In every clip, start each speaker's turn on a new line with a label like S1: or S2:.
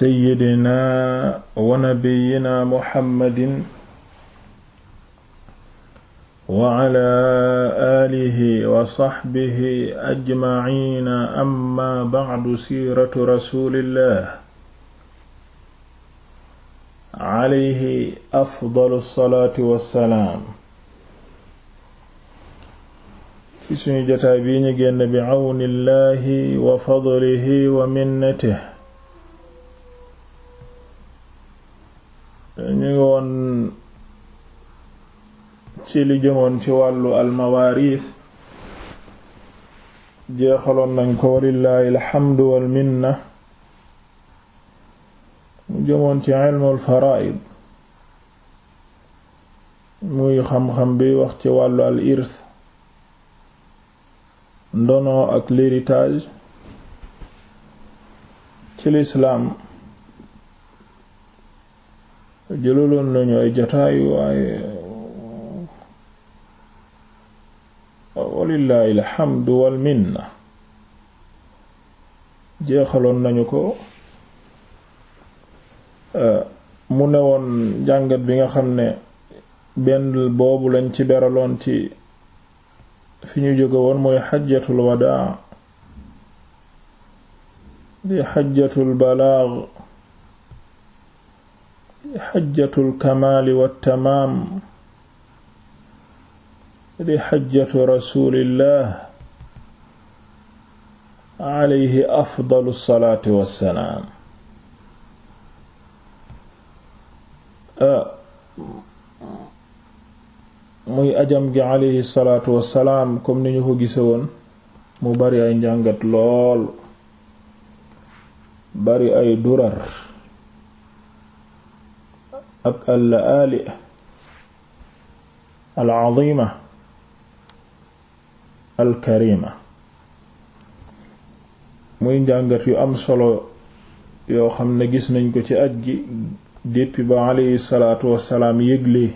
S1: seyyidina wa nabiyina muhammadin wa ala alihi wa saxbihi ajmaciina amma bacdu siiratu rasulillah alayhi afdalu salaatu wassalaam ci suñu jataay bii ñu génn bi cawnillahi wa fadlihi wa minnatihi ngi ci li jëmoon ci wàllu almawaariis jeexaloon nañ ko walillaahi alxamdu walminna mu jëmoon ci ilmul faraa'id muy xam-xam bi wax ci wàllu al ndono ak l'héritage ci lislaam jëlaloon nañu ay jataayu waaye walillahi alhamdu wal minna jeexaloon nañu ko mu ne woon jàngat bi nga xam ne benn boobu lañ ci beraloon ci fi ñu jóge woon mooy xajjatul wadaa di xajjatul balaag xajjatul kamaali wa tamaam di xajjatu rasulillah alayhi muy ajam gi alayhi salaatu kom salaam ni ñu ko gise woon mu bari ay njàngat lool bari ay durar. ak al ali al azima al karima muy njàngat yu am solo yoo xam ne gis nañ ko ci aj gi depuis ba alayhi salaatu wassalaam yëgle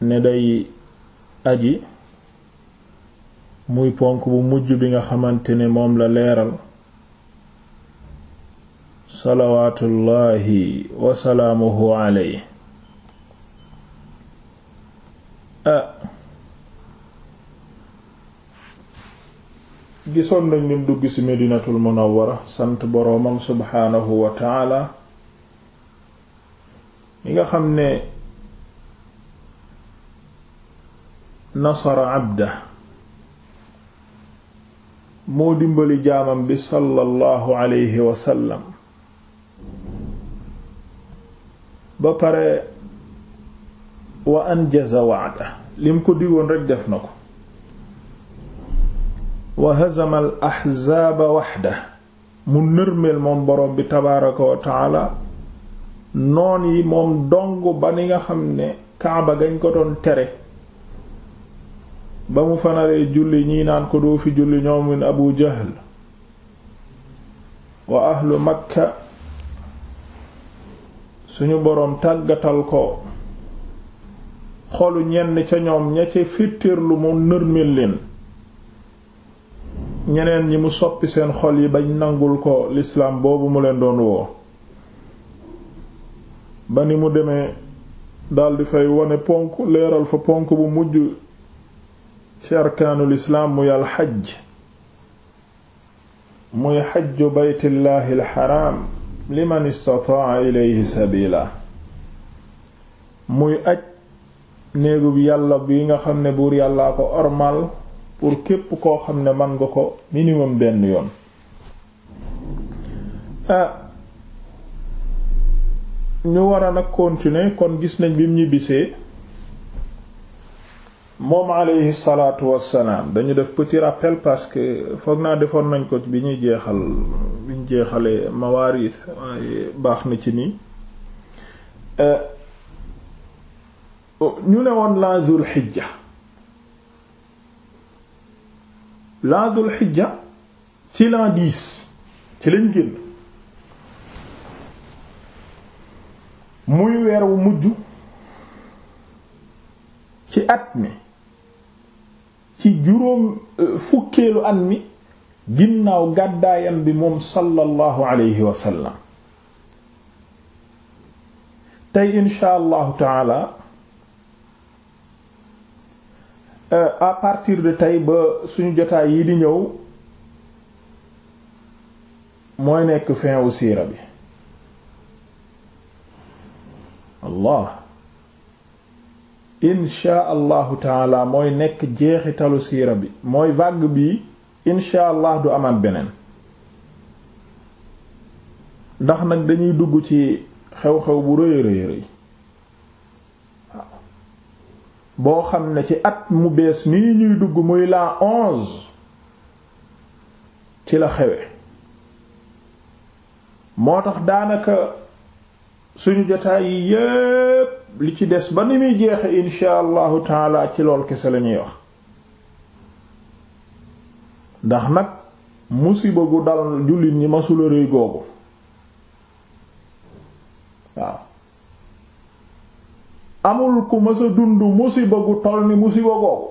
S1: ne day aji muy ponk bu mujj bi nga xamante ne moom la leeral salawaatullahi wasalaamuhu alayhi gisoon nañ lim dugg ci medinatul munawwara sant boroomam subhaanahu wa taala yi nga xam ne nasara abda moo dimbali jaamam bi sallallahu alayhi wa ba pare wa anjaza wa'da lim ko digoon rekk def na ko wa hazama ahzaaba waxda mu nërmeel moom boroom bi tabaaraka wa taala noon yi moom dong ba ni nga xam ne kaaba gañ ko doon tere ba mu fanaree julli ñii naan ko doo fi julli ñoomin abu jahl wa ahlu makka suñu boroom tàggatal ko xolu ñenn ca ñoom ña ca lu mu nërmel ñeneen ñi mu soppi seen xol yi bañ nangul ko lislaam boobu mu leen doon woo ba ni mu demee daldi fay wone ponk leeral fa ponk bu mujj ci arkaanul islaam muy alxaj muy xajju beytillaahi alxaraam liman istataa ilayhi sabila muy aj néegu yàlla bi nga xam ne buur yàllaa ko ormal pour képp koo xam ne man nga ko minimum benn yoon ah ñu war a nag continuer kon gis nañ bim ñibbisee moom alayhi salaatu wassalaam dañu def petit rappel parce que foog naa defoon nañ ko bi ñuy jeexal bi ñu jeexalee mawaaris waaye baax na ci nii euh, oh, ñu ne woon la zul xijja la zul xijja ci l'an dix ci lañ génn muy weer wu mujj ci at mi ci juróom euh, fukkeelu at mi ginnaaw gàddaayam bi moom sallallahu alayhi wa sallam tey insha allahu taala euh, à partir de tey ba suñu jotaay yi di ñëw mooy nekk fin wu siira bi allah insha allahu taala mooy nekk jeexitalu siira bi mooy vague bi insha allah du amaat beneen ndax nag dañuy dugg ci xew-xew bu rëy rëy rëy boo xam ne ci at mu bees nii ñuy dugg muy la onze ci la xewe moo tax daanaka suñu jotaay yi yépp li ci des ba ni muy jeexe insha allahu taala ci lool kese lañuy wax ndax nag musiba gu dal jullit ñi masula rëy googu waaw amul ku mës dund musiba gu toll ni musiba googu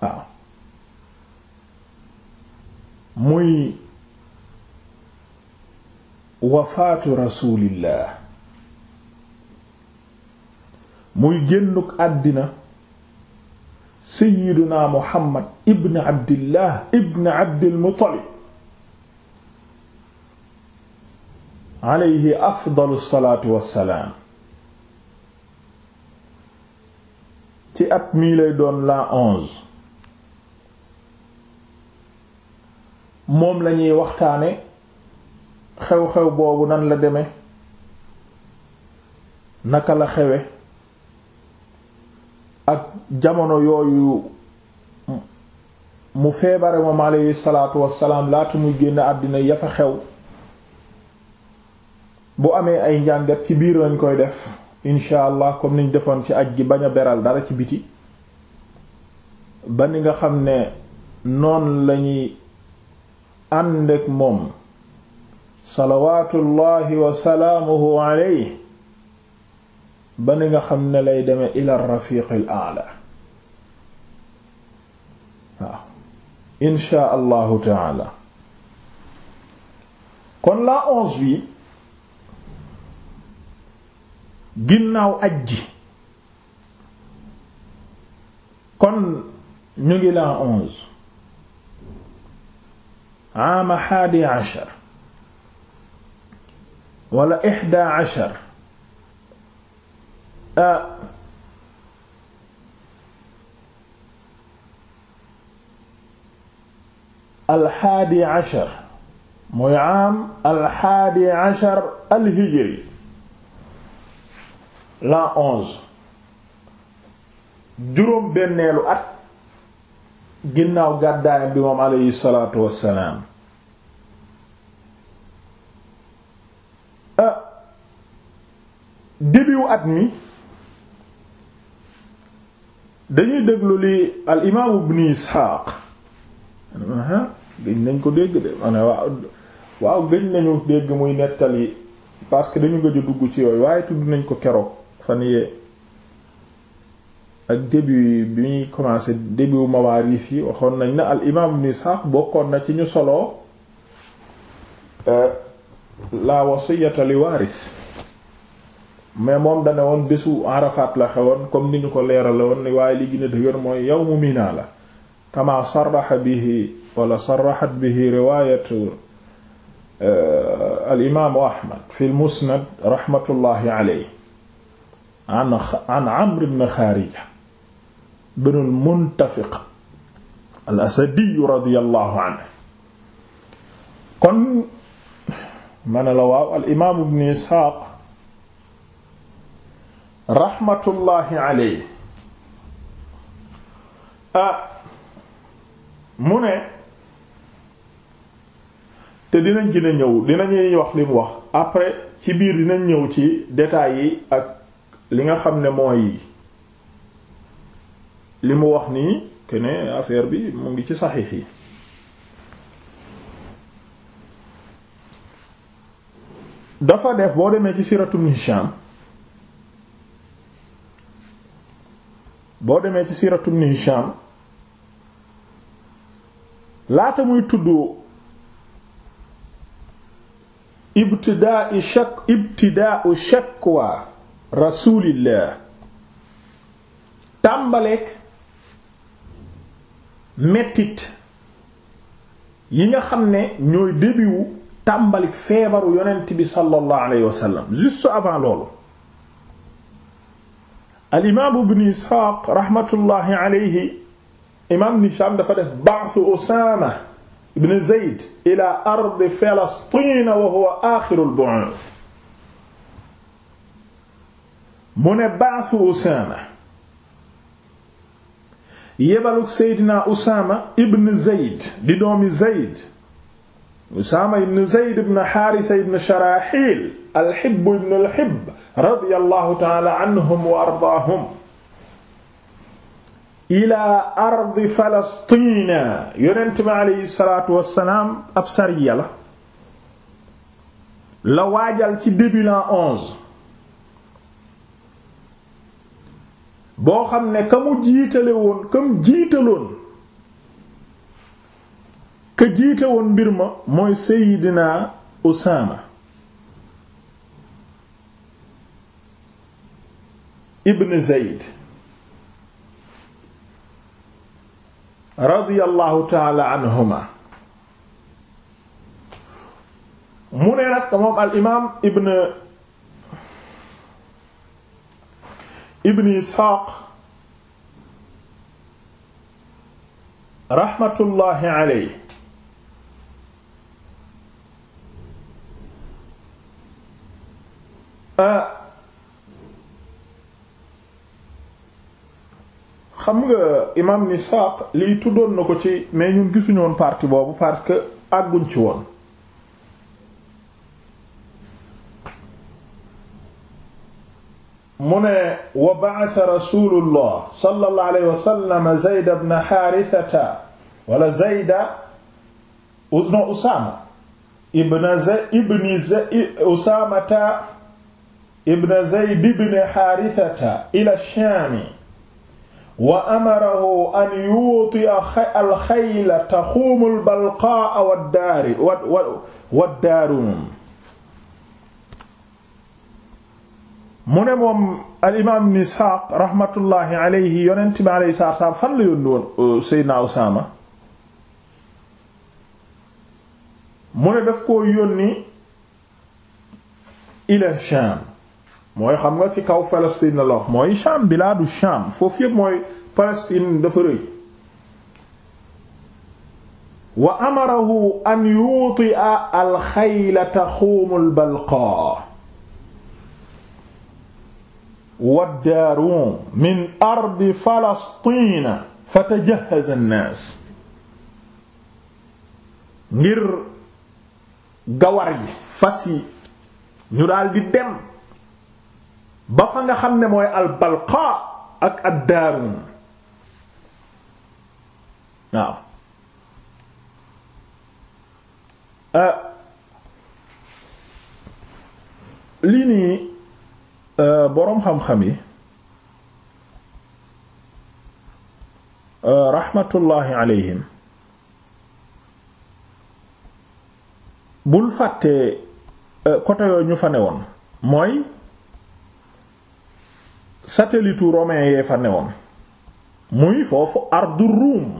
S1: waaw muy wafaatu rasulillah muy génnuk àddina sayiduna muhammad ibn abdillah ibn abdilmuttalib alayhi afdalu salaatu ci at mii lay la onze moom lañuy waxtaane xew-xew boobu nan la demee naka la xewe ak jamono yooyu mu feebare moom aleyhi salaatu wassalaam laata muy génn àddina ya fa xew bu amee ay njàngat ci biir lañ koy def incha allah comme niñ defoon ci aj gi bañ a beral dara ci biti ba ni nga xam ne noon lañuy ànd ak moom salawaatullahi wa salaamuhu alayhi ba ni nga xam ne lay demee ila rafiqil taala kon la onze bi ginnaaw ajji kon ñu la onze ama haadi ashar wala ihda ashar ah alxaadi ashar muy am alxaadi ashar alhijri l'an onze juróom benneelu at ginnaaw gàddaayam bi moom aleyhi salaatu wassalaam début at mi dañuy déglu li al imaamu ibnu Isxaaq gëñ nañ ko dégg de ma waaw waaw nañu dégg muy nettali parce que dañu gëj a dugg ci yooyu waaye tudd nañ ko keroog fan yee ak début bi ñuy commencé début mawaaris yi waxoon nañ na al imaam ibnu Isxaaq bokkoon na ci ñu solo euh, la wasiyata waaris mais moom dane woon bésu Arafat la xewoon comme ni ñu ko leerale woon ni waaye li gën a dëgër mooy yawmu Mina la kama sarraxa bihi wala sarraxat bihi riwayatu euh, al imaamu Ahmad fi al musnad raxmatullahi alayhi an an Amr ibn Xaarija bin al Muntafiq al Asadi radiyallahu anhu kon ma ne la waaw al imaamu ibn Isxaaq raxmatullaahi alayhi ah mu ne te dinañ gën a ñëw dinañuy wax li mu wax après ci biir dinañ ñëw ci détails yi ak li nga xam ne mooy li mu wax nii que ne affaire bi mu ngi ci saxiix yi dafa def boo demee ci siratu Hisham boo demee ci siiratu Ibn laata muy tudd ibtidaai shak ibtidaau shakwa rasulillah tàmbaleek mettit yi nga xam ne ñooy début tàmbalik feebaru yonent bi sallallahu alayhi wa sallam avant loolu al imaam ibn Isxaaq raxmatullaahi alayhi imaam Hishaam dafa def ba'su Usaama ibn Zayd ila ardi Falastiin wa huwa aaxirul bu'aas mu ne ba'su Usaama yebaluk Seydina Usaama ibn Zayd di doomi Zayd Usaama ibn Zayd ibn Haarisa ibn Sharaxiil al-Hibb ibn al-Hibb radiyallahu ta'ala anhum wa ardaahum ila ardi Falastina yonent bi aleyhi salaatu wa salaam ab sariya la la waajal ci début l'an onze boo xam ne ka mu jiitale woon ka mu jiitaloon ka jiite woon mbir ma mooy Seydina Usaama ibn Zayd radiyallahu taala anhuma mu ne nag moom al imaam ibn ibn Isxaaq raxmatullahi alayhi Ah. xam nga imam nisaq lii tuddoon na ko ci mais ñun gisuñu woon partie boobu parce que guñ ci woon mu ne wa ba'atha rasulullah sallallahu alayhi wa sallam wala zayda uzna usama ibn ibn zayd ibn Zayd ibn Haarithata ila Shaam wa amarahu an yuutiya alxayla taxuumu albalqaa waddaarum mu ne moom alimaam ibn Isxaaq raxmatullaahi alayhi yonent bi alayhi salaatu salaam fan la yónni woon euh, Seydina Usaama mu ne daf koo yónni ila Shaam mooy xam nga ci kaw Palestine la wax mooy Sham bilaadu Sham foofu yëpp mooy Palestine dafa rëy wa amarahu an yutia alxayla taxuumu albalqaa waddaaruum min ardi falastina fa tajahaz annaas ngir gawar yi fas yi ñu daal di dem ba fa nga xam ne mooy albalqa ak addaarum waaw euh, lii nii euh, boroom xam-xam yi euh, raxmatullaahi alayhim bul fàtte côté yooyu ñu fa ne woon mooy satellite romain yee fa newoon muy foofu ardu ruum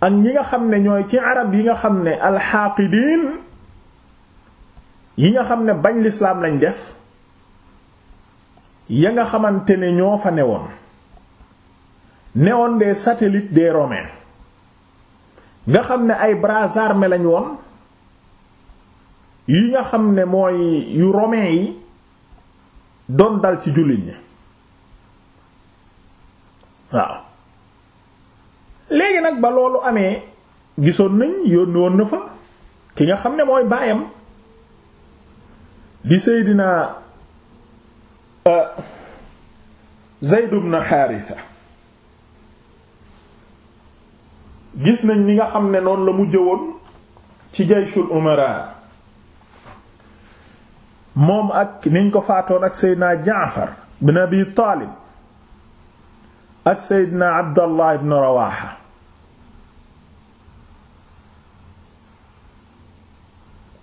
S1: ak ñi nga xam ne ñooy ci arab yi nga xam ne alxaaqidiin yi nga xam ne bañ lislaam lañ def ya nga xamante ne ñoo fa newoon newoon des satellites des romains nga xam ne ay bras armés lañ woon yi nga xam ne mooy yu romains yi doon dal ci jullit ñi waaw léegi nag ba loolu amee gisoon nañ yónni woon na fa ki nga xam ne mooy baayam di Seydina euh, Zayd ibn Haarisa gis nañ ni nga xam ne noonu la mu jëwoon ci jayshul umara moom ak niñ ko faatoon ak seydina jaafar bin abi taalib ak seydina abdallah ibn rawaha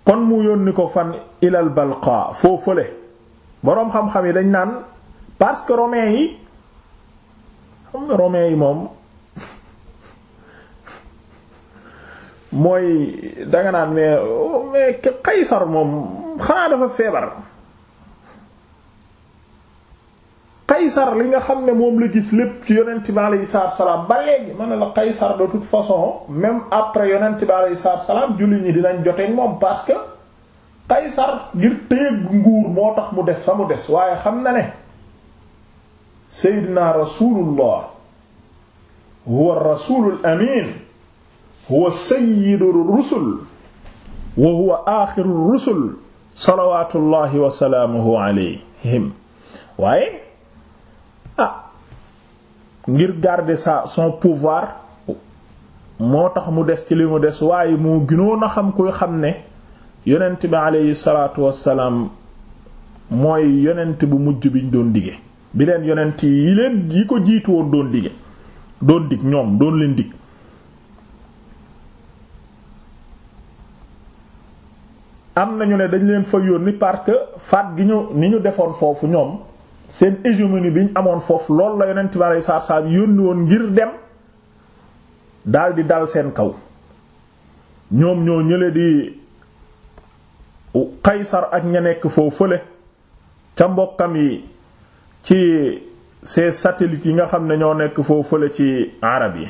S1: kon mu yónni ko fan ilal balqa foofale boroom xam-xam yi dañ naan parce que romain yi xam yi moom mooy danga naan mais mais kaysar moom moom xanaa dafa feebar Qaysar li nga xam ne moom la gis lépp ci yonent bi alayhi salaam ba léegi ma ne la Qaysar de toute façon même après yonent bi alayhi salaam julli ñi dinañ joteeg moom parce que Qaysar ngir téyeg nguur moo tax mu des fa mu des waaye xam na ne Seydina Rasulullah huwa ar-rasulul amin huwa sayyidur rusul wa huwa aaxirur rusul salawaatullahi wasalaamuhu alayhim waaye ah ngir garder sa son pouvoir moo tax mu des ci li mu des waaye moo gënoon a xam kuy xam ne yonent bi aleyhi salaatu wasalaam mooy yonent bu mujj biñ doon dige bi leen yonent yi leen yi ko jiitu woon doon dige doon dig ñoom doon leen dig am nañu ne dañ leen fa yónni parce que faat gi ñu ni ñu defoon foofu ñoom seen hégémonie bi ñu amoon foofu loolu la yonent bi aleyhi salaatu salaam yónni woon ngir dem daldi dal seen kaw ñoom ñoo ñële di Qaysar ak ña nekk foofu fële ca mbokkam yi ci ces satelit yi nga xam ne ñoo nekk foofu fële ci arab yi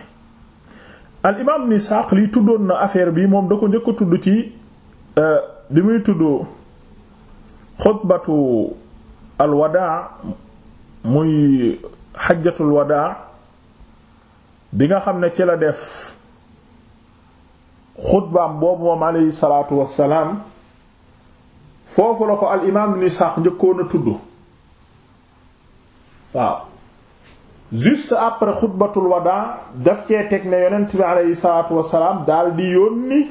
S1: al imaam Ibn li tuddoon na affaire bi moom da ko njëkk tudd ci euh, bi muy tuddoo xutbatu alwadaa muy xajjatul wadaa bi nga xam ne ci la def xutbaam boobu moom aleyhi salaatu wassalaam foofu la ko al imaam ni sax njëkkoon a tudd waaw juste après xutbatul wadaa daf cee teg ne yonent bi aleyhi salaatu wassalaam daal di yónni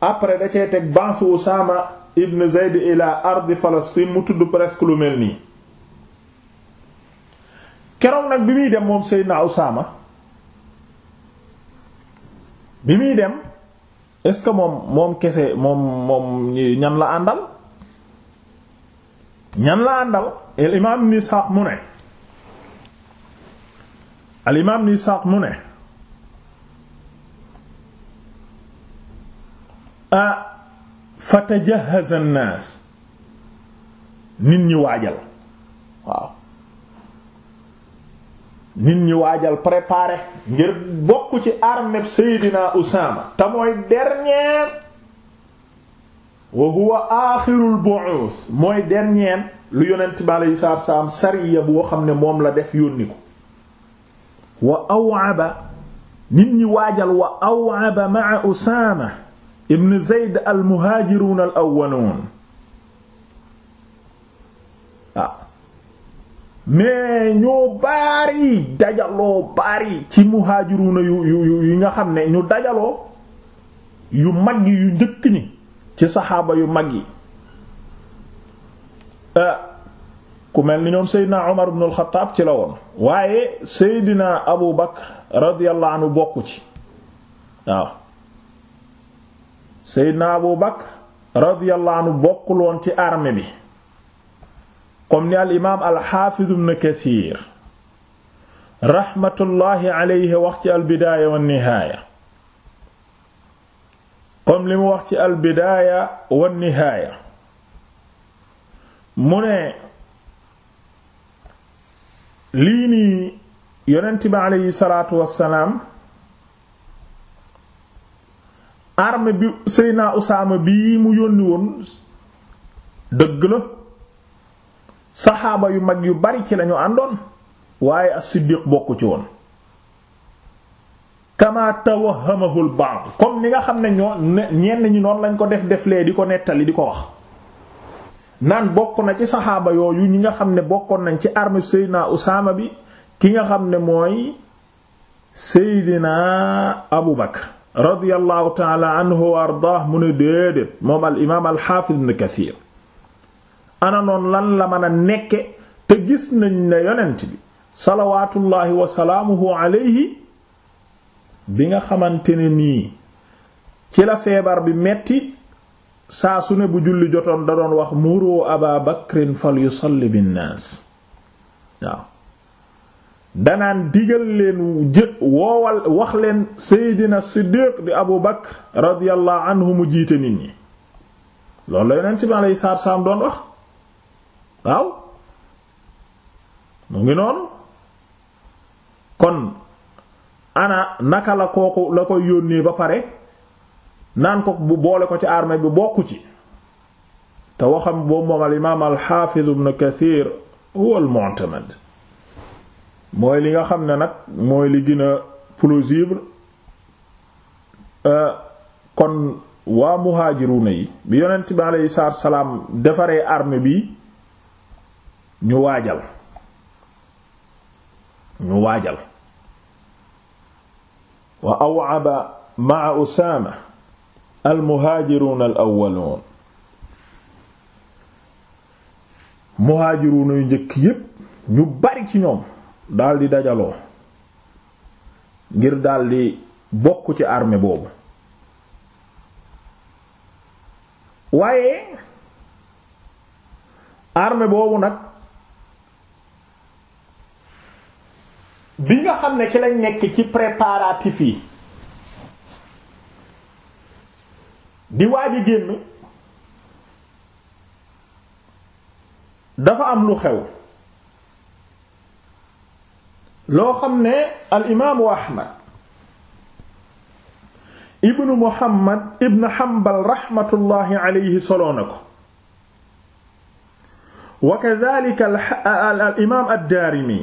S1: après da cee teg bansu Usaama ibn Zayd ila ardi Palestine mu tudd presque lu mel nii keroog nag bi muy dem moom Seydina Usaama bi muy dem est-ce que moom moom kese moom moom ñan la àndal ñan la àndal al imaam Ibn Isxaaq mu ne al imaam Ibn mu ne ah fatajahaza an-nas nit ñi waajal waaw nit ñi waajal préparé ngir bokk ci armée Seydina Usaama te mooy dernier wa huwa aaxirul bu'uus mooy dernier lu yonent bi alayhi salaatu salaam sariya boo xam ne moom la def yónni ko wa aw'aba nit ñi waajal wa aw'aba ma'a Usaama ibn zeyd al muhaajiruun al awwaluun ah mais ñoo baari dajaloo baari ci muhaajiruuna yu yu yu nga xam ne ñu dajaloo yu mag yi yu njëkk ni ci saxaaba yu mag yi ah. ku mel ni ñoom seydina Umar ibn al ci la woon waaye seydina Abu Bakr radiyallahu anhu bokku ci waaw seydna abu bakr radiyallahu anhu bokkuloon ci armée bi kom ni al imaam al xaafiz ibn kathir raxmatullaahi alayhi wax ci al bidaaya wa nihaaya comme li mu wax ci wa nihaaya mu ne lii nii yonent bi alayhi salaatu wassalaam arme bi Seyna Usaama bii mu yónni woon dëgg la saxaaba yu mag yu bari ci lañu àndoon waaye as bokku ci woon kama tawahamahu al-ba'd comme ni nga xam ne ñenn ñi noonu lañ ko def deflee di ko nettali di ko wax naan bokk na ci saxaaba yooyu ñi nga xam ne bokkoon nañ ci arme Seyna Usaama bi ki nga xam ne mooy Seydina Abu Bakr radiyallahu taala anhu wa ardaah mu ne déedéet moom al imaam al xaafis ana noon lan la mën a nekke te gis nañ ne yonent bi salawaatullaahi wa salaamuhu alayhi bi nga xamante ne nii ci la feebar bi metti saa su ne bu julli jotoon da doon wax muru aba bakrin fal yusalli binnaas waaw danaan digal leen jë woowal wax leen seydina siddiq di abu bakr radiyallahu anhu mu jiite nit ñi loolu la yonent bi alayhi salaatu salaam doon wax waaw mu ngi noonu kon ana naka la kooku la koy yónnee ba pare naan ko bu boole ko ci armée bi bokku ci te waxam boobu moom al imaam al xaafiz ibn kathir huwa al mooy li nga xam ne nag mooy li gën a plausible euh, kon waa muhajiruna yi bi yonent bi aleyhi salaatu salaam defaree arme bi ñu waajal ñu waajal wa aw'aba ma'a Usaama al muhajiruna al awwalun muhajiruna njëkk yépp ñu bari ci ñoom daldi dajaloo ngir daldi bokk ci armée boobu waaye armée boobu nag bi nga xam ne ci lañ nekk ci préparatifs yi di waaj a génn dafa am lu xew loo xam ne al imaamu ahmad ibnu muhammad ibnu hanbal raxmatullahi alayhi soloo na ko wa kadhalika al imaam ad-daarimi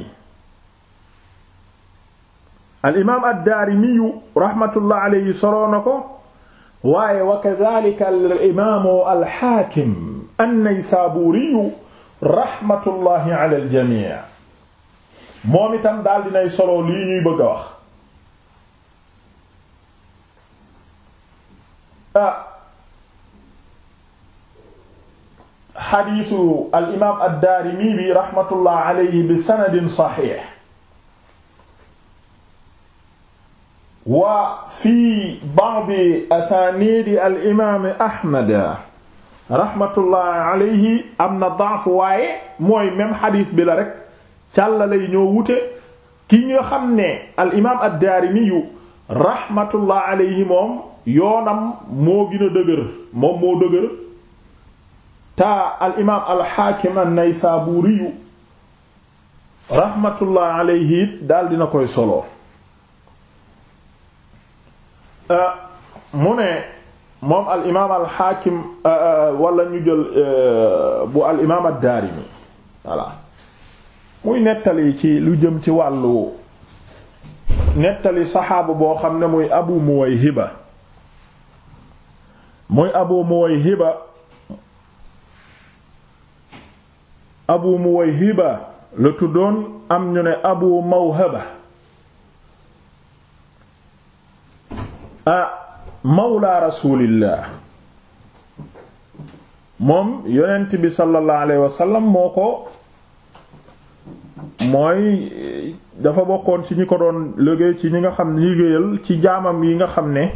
S1: al imaam ad-daarimi raxmatullahi alayhi soloo na ko waaye wa kadhalika al imaamu al haakim an-naysaabuuri raxmatullahi ala al jamii moom itam daal dinay solo lii ñuy bëgg a wax ah xadiisu al imaam ad-Daarimi bi raxmatullah alayhi bi sanadin saxiix wa fi ba'di asaaniidi al imaam Ahmad raxmatullah alayhi am na da'f waaye mooy même xadiis bi la rek càllale yi ñoo wute ki nga xam ne al imaam ad-Daarimi yu alayhi moom yoonam moo gën dëgër moom moo dëgër ta al imaam al-Haakim an-Naysaabuuri yu alayhi daal dina koy solo euh, mu ne moom al imaam al Haakim euh, euh, wala ñu jël bu al imaam ad-Daarimi muy nettali ci lu jëm ci wàllu nettali saxaaba boo xam ne muy abu muwayhiba muy abu muwayhiba abu muwayhiba la tuddoon am ñu ne abu mawhaba a mawla rasulillah moom yonent bi sallallahu moo ko mooy dafa bokkoon ci ñi ko doon liggéey ci ñi nga xam liggéeyal ci jaamam yi nga xam ne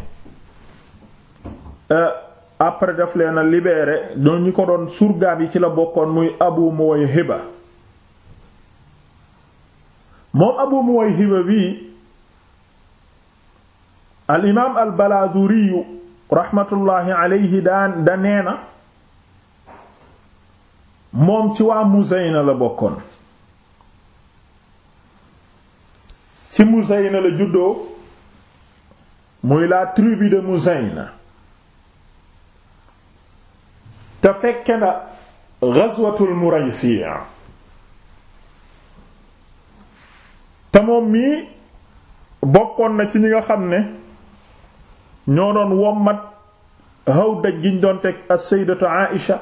S1: euh, après daf leen a libéré doon ñi ko doon surgaam yi ci la bokkoon muy Abu Muwayhiba moom Abu Muwayhiba bi al imaam al Balaazuriyu raxmatullaahi alayhi daan da nee na moom ci waa Muzayna la bokkoon ci Muzayna la juddoo muy la tribu de Muzayna te fekke na ghazwatul Muraysiya te moom mii bokkoon na ci ñi nga xam ne ñoo doon wommat hawdaj giñ doon teg as-sayyidatu Aïsha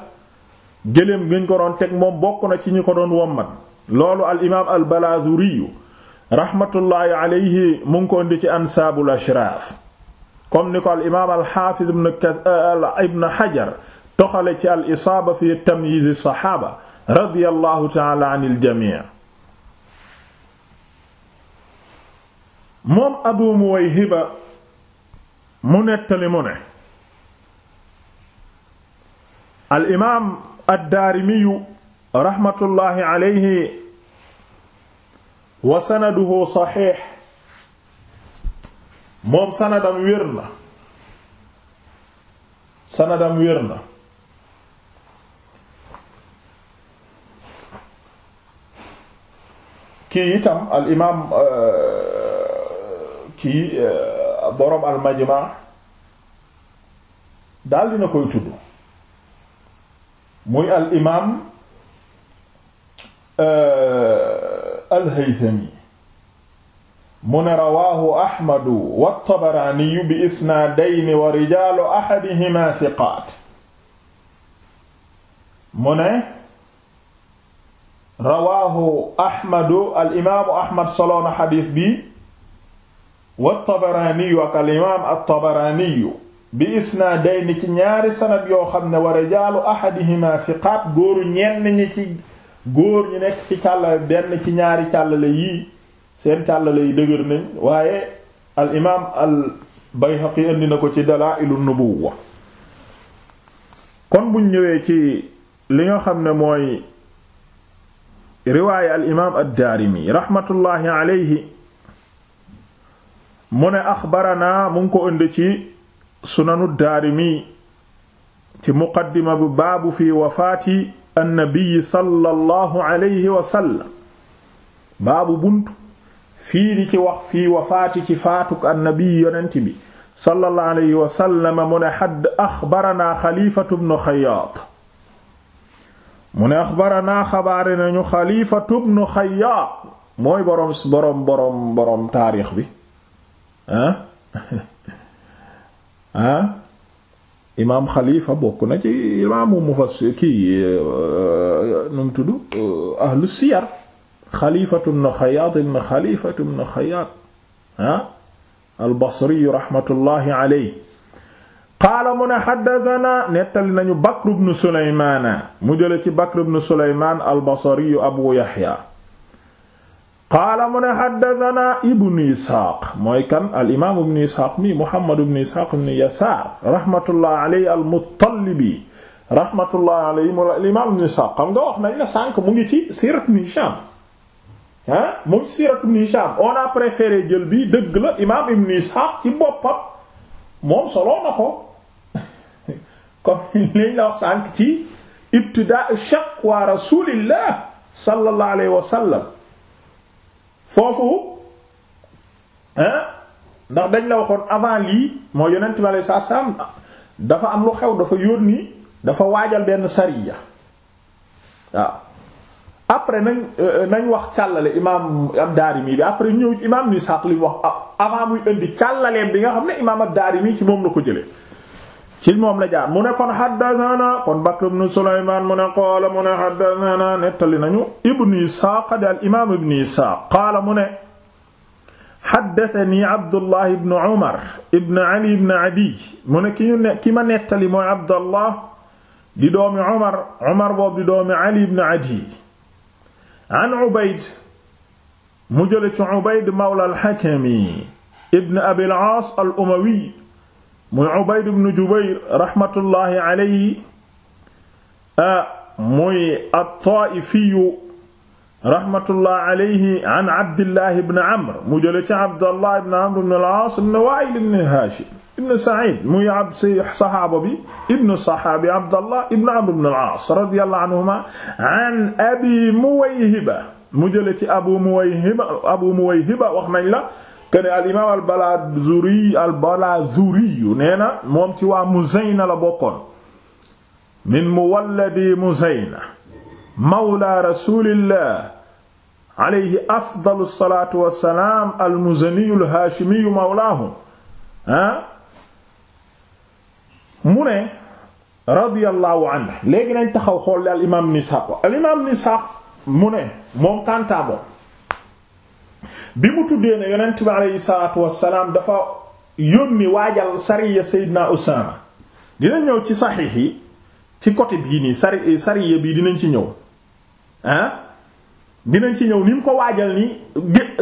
S1: gëléem giñ ko doon teg moom bokk na ci ñu ko doon wommat loolu al imaam al Balaazuriyu raxmatullaahi alayhi mu ngi ko indi ci ansaabul ashraaf comme ni ko al imaam al xaafiz ibn xajar toxale ci al isaaba fi tamyiizi saxaaba radiyallaahu taala an il jamii moom abu muwayhiba mu nettali mu ne al imaam ad daarimiyu raxmatullaahi alayhi wa sanaduhu saxiix moom sanadam wér na sanadam wér na kii itam al imaam euh, kii euh, boroom al majma daal dina koy tudd muy al imaam euh, al-Haythami mu ne rawaahu Ahmadu wa bi isnaadayni wa rijaalu ahadihimaa siqaat mu ne rawaahu al imaamu Ahmad solo na xadiis bi wa Tabaraaniyu ak al imaam at-Tabaraaniyu bi isnaadayni ci ñaari sanad yoo xam ne wa rijaalu ahadihimaa siqaat góoru ñenn ñi góor ñi nekk ci càllale benn ci ñaari càllale yii seen càllale yi dëgër nañ waaye al al Bayhaqi indi na ko ci Dalaa'ilu Nubuwwa kon buñ ñëwee ci li nga xam ne mooy riwaaya al imaam ad-Daarimi raxmatullaahi alayhi mu ne axbaranaa mu ngi ko indi ci sunanu daarimi ci muqaddima bu baabu fi wafaati annabi sallallahu alayhi wa sallam baabu buntu fii di ci wax fii wafaati ci faatuk annabi yonent bi sallallahu alayhi wa sallam mu ne xadd axbaranaa xalifatu bnu xayaat mu ne axbaranaa xabaare nañu xalifatu bnu xayaat mooy boroom boroom boroom boroom taarix bi ah ah imaam Xalifa bokk na ci imaamu mufassir kii euh, nu mu tudd euh, ahlu siyar Xalifatu ibn Xayyaat ibn Xalifatu ibn Xayyaat ah al-Basri rahmatullahi alayhi qaala mu ne xaddatana nettali nañu Bakr ibn Sulaymaan mu jële ci Bakr ibn Sulaymaan al-Basri Abu Yaxya qaala mu ne xaddatanaa ibnu isxaaq mooy kan alimaam ibnu isxaaq mi muhammad ibnu isxaaq ibnu yasaar rahmatullah aley almuttalibi rahmatullah aley mu alimaam ibnu isxaaq xam nga wax nañ la sànq mu ngi ci sirat ibnu hisham ah mu ngi sirat ibnu hisham on a préféré jël bi dëgg la imaam ibnu isxaaq ci boppam moom soloo na ko comme lañ la wax sànq ci ibtidaa shaqwa rasulillah sallallahu alayhi wa sallam foofu ndax dañ la waxoon avant lii moo yonent mi aleyhi salaatu salaam dafa am lu xew dafa yónni dafa waajal benn sariya waaw après nañ euh, nañ wax càllale imaam ad-Daarimi bi après ñëw imaam ni saq li wax avant muy indi càllaleem bi nga xam ne imaam ad mii ci moom la ko jëlee ci moom la jaar mu ne kon haddathana kon Bakr ibn Sulaymaan mu ne qaala mu ne haddathana nettali nañu Ibn Ishaaq di al imaam Ibn Ishaaq qaala mu ne haddathani Abdullah ibn Umar ibn Ali ibn Adiy mu ne ki ñu ne ki ma nettali mooy Abdullah di doomi Umar Umar boobu di doomi Ali ibn Adiy an Ubayd mu jële ci Ubayd mawla al-Hakimi ibn Abi al-Aas al-Umawi muy Ubayd ibn Jubayr raxmatullaahi alayhi muy at-Taa'ifiyu raxmatullaahi alayhi an Abdullah ibn Amr mu jële ci Abdullah ibn Amr ibn al-Aas ibn Waa'il ibn Haashim ibn Sa'iid muy ab saxaaba bi ibn saxaabi Abdullah ibn Amr ibn al-Aas radiyallaahu anhumaa an Abi Muwayhiba mu jële ci Abu Muwayhiba Abu Muwayhiba wax nañ la kene al imaam al Balazuri al Balazuri nee na moom ci waa Muzayna la bokkoon min muwalladi Muzayna mawla rasulillah alayhi afdalu salaatu wa salaam al muzaniyu al haashimiyu mawlaahum ah mu ne radiyallahu anhu léegi nañ taxaw xool li al imaam Nisaa al imaam Nisaa mu ne moom kantaa moom bi mu tuddee ne yonent bi aleyhi salaatu wassalaam dafa yónni waajal sariya Seydina Usaama dina ñëw ci saxiix yi ci côté bii nii sari sariya bii dinañ ci ñëw ah dinañ ci ñëw ni ko waajal nii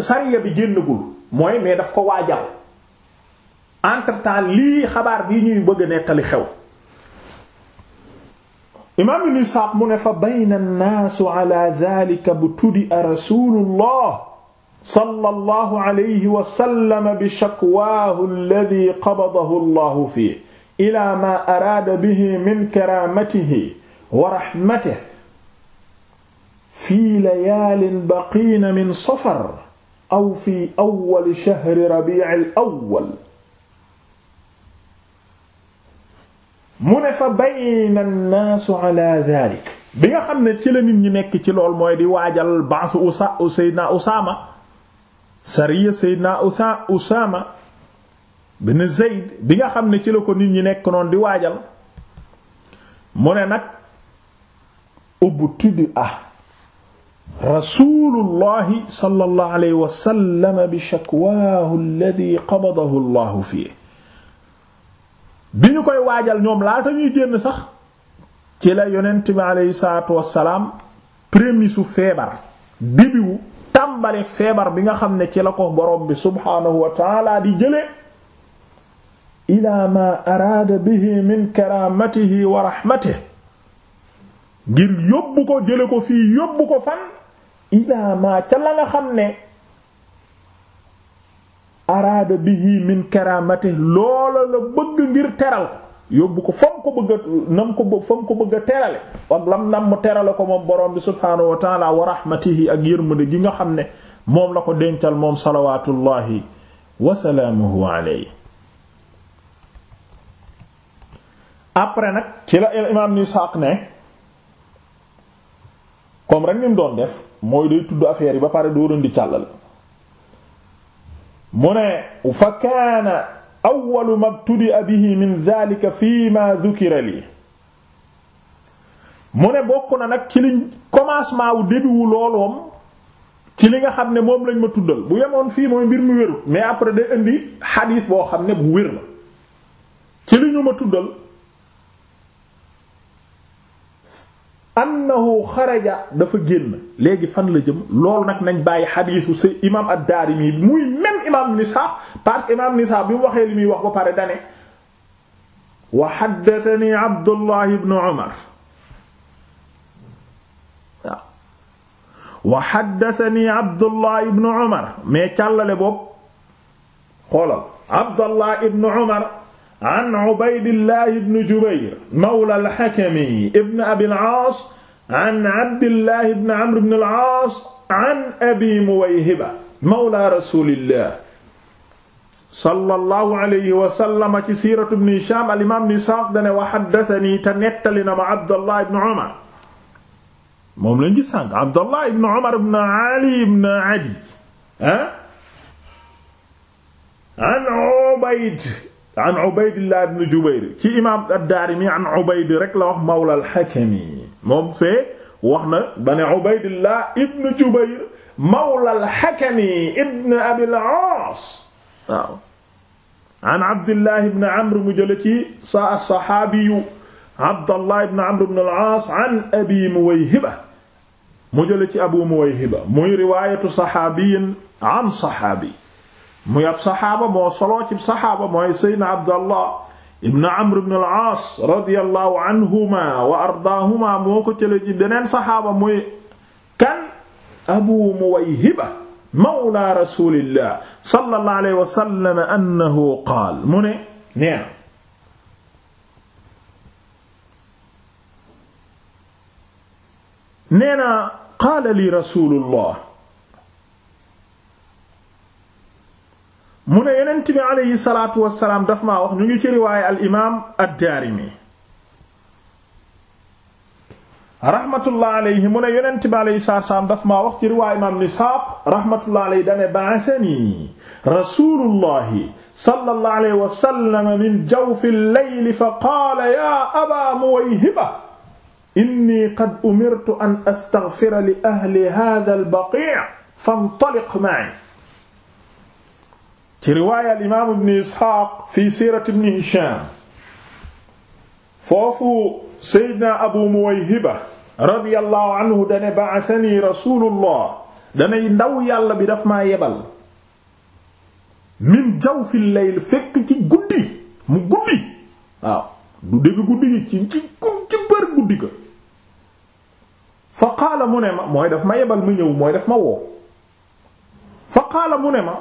S1: sariya bi génnagul mooy mais daf ko waajal entre temps lii xabaar bii ñuy bëgg a nettali xew imaam ni Isxaaq mu ne fa bayna an-naas ala zaalika btudi'a rasuulullah sallallahu alayhi wa sallam bi shakwaahu alladhi qabadahu Allahu fiihi ilaa maa araada bihi min karaamatihi wa rahmatihi fii layaalin baqiina min safar aw fii awwali shahri rabiicil awwal. mu ne fa bayna nnaasu alaa daalik bi nga xam ne ci la nit ñi nekk ci lool mooy di waajal baasu Usaama sariya Seydina Usa Usaama bin Zayd bi nga xam ne ci la ko nit ñi nekk noonu di waajal mu ne nag ubtidi ah rasulullahi sallallahu alayhi wa sallam bi shakwaahu alladhi qabadahu Allahu fiihi bi ñu koy waajal ñoom laata ñuy génn sax ci la yonent bi alayhi salaatu wassalaam prémisu feebar débiwu tàmbaleeg feebar bi nga xam ne ci la ko borom bi subhaanahu wa taala di jële ila ma araada bihi min karamatihi wa rahmatihi ngir yóbbu ko jële ko fii yóbbu ko fan ila ma ca la nga xam ne araada bihi min karamatihi loola la bëgg ngir teral ko yóbbu ko fa mu ko bëgg nam ko fa mu ko bëgg a terale ak lam nam mu terale ko moom borom bi subhaanahu wa taala wa rahmatihi ak yërmande gi nga xam ne moom la ko dencal moom salawatullahi wa salaamuhu wa après nag ci la imaam ni Isaaq ne comme rek ni doon def mooy day tudd affaire yi ba pare dóorandi càllal mu ne fa kaana awwalu ma btudia bihi min dhalika fi ma dhukira lii mu ne bokk na nag ci liñ commencement wu début wu looloom ci li nga xam ne moom lañ ma tuddal bu yemoon fii mooy mbir mu wérut mais après day indi xadiis boo xam ne bu wér la ci li ñu ma tuddal annahu xaraja dafa génn léegi fan la jëm loolu nag nañ bàyyi xadiisu si imam ad-Daarimi muy même imam nisa parce imam nisa bi mu waxee li muy wax ba pare dane wa haddathani Abdullah ibn Umar waaw wa haddathani Abdullah ibn Umar mais càllale boobu xoolal Abdullah ibn Umar an Ubaydillah ibn Jubayr mawla al-Hakami ibn Abi al-Aas an Abdillah ibn Amr ibn al-Aas an Abi Muwayhiba mawla Rasulillah sallallahu alayhi wa sallam ci siiratu ibn Hisham al-imam ibn Ishaq dane wa haddathani te nettali na ma Abdullah ibn Umar moom lañ gis sànq Abdullah ibn Umar ibn Ali ibn Adi ah an Ubayd an Ubaydillah ibn Jubayr ci imaam ad-Daarimi an Ubayd rek la wax mawla al-Hakami moom fee wax na ba ne Ubaydillah ibn Jubayr mawla al-Hakami ibn Abil Aas waaw an Abdillah ibn Amr mu jële ci sa as-saxaabiyu Abdallah ibn Amr ibn al-Aas an Abi Muwayhiba mu jële ci Abu Muwayhiba muy riwaayatu saxaabiyin an saxaabi muy ab saxaaba moo soloo ci saxaaba mooy seydna abdallah ibn amr ibn al-aas radiyallahu anhuma wa ardaahuma moo ko cële ci beneen saxaaba muy kan abu muwayhiba mawla rasulillah sallallahu alayhi wa sallam annahu qaal mu ne nee na nee na qaala li rasulullah mu ne yonent bi aleyhi salaatu wassalaam daf maa wax ñu ngi ci riwaaye al imaam ad-Daarimi rahmatullah aleyhi mu ne yonent bi aleyhi salaatu wassalaam daf maa wax ci riwaaye imaam Nisaaq rahmatullah aleyhi dane ba'athani rasuulullahi sallallahu aleyhi wa sallam min jawfi al-layli fa qaala yaa abaa Muwayhiba inni qad umirtu an astaghfira li ahli haadha al-baqi' fantaliq ma'i ci riwaaya al imaam ibn fi siirati ibn hisham foofu seydna abu muwayhiba radiyallahu anhu ba'athani rasulullah danay ndaw yàlla bi daf ma yebal min jawfil layl fekk ci guddi mu guddi waaw du dégg guddi gi ci ci ci bër guddi ga fa qaala mu ne ma mooy daf ma yebal ma ñëw mooy daf ma woo fa qaala mu ne ma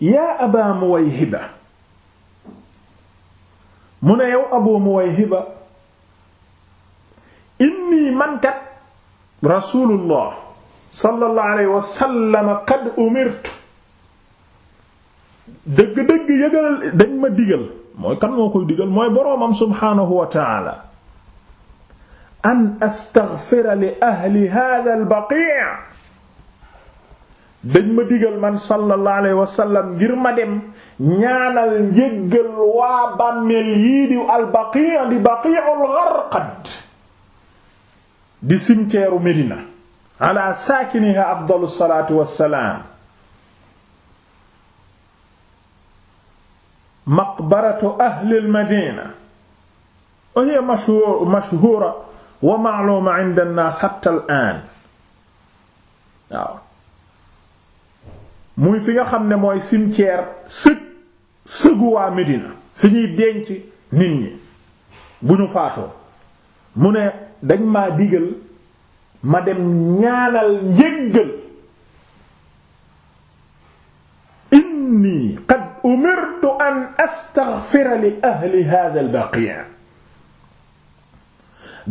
S1: yaa aba muwayhiba mu ne yow abu muwayhiba inni mankat rasulullah sallallahu alayhi wa sallam qad umirtu dëgg-dëgg yëgal dañ ma digal mooy kan moo koy digal mooy boroomam subhaanahu wa ta'ala an astaghfira li ahli hadha al baqi' dañ ma digal man sallallahu alayhi wa sallam ngir ma dem ñaanal njéggal waa bàmmeel yii di albaqi di baqiul gharqad di cimetière Médina ala saakiniha afdalu salaatu wassalaam maqbaratu ahli almadina wa oh, hiya mashhura wa ma'luma 'inda an-nas hatta al-aan waaw muy fi nga xam ne mooy cimetière sëg sëgu waa Medina fi ñuy denc nit ñi bu ñu faatoo mu ne dañ ma digal ma dem ñaanal njéggal inni qad umirtu an astaghfira li ahli hadha al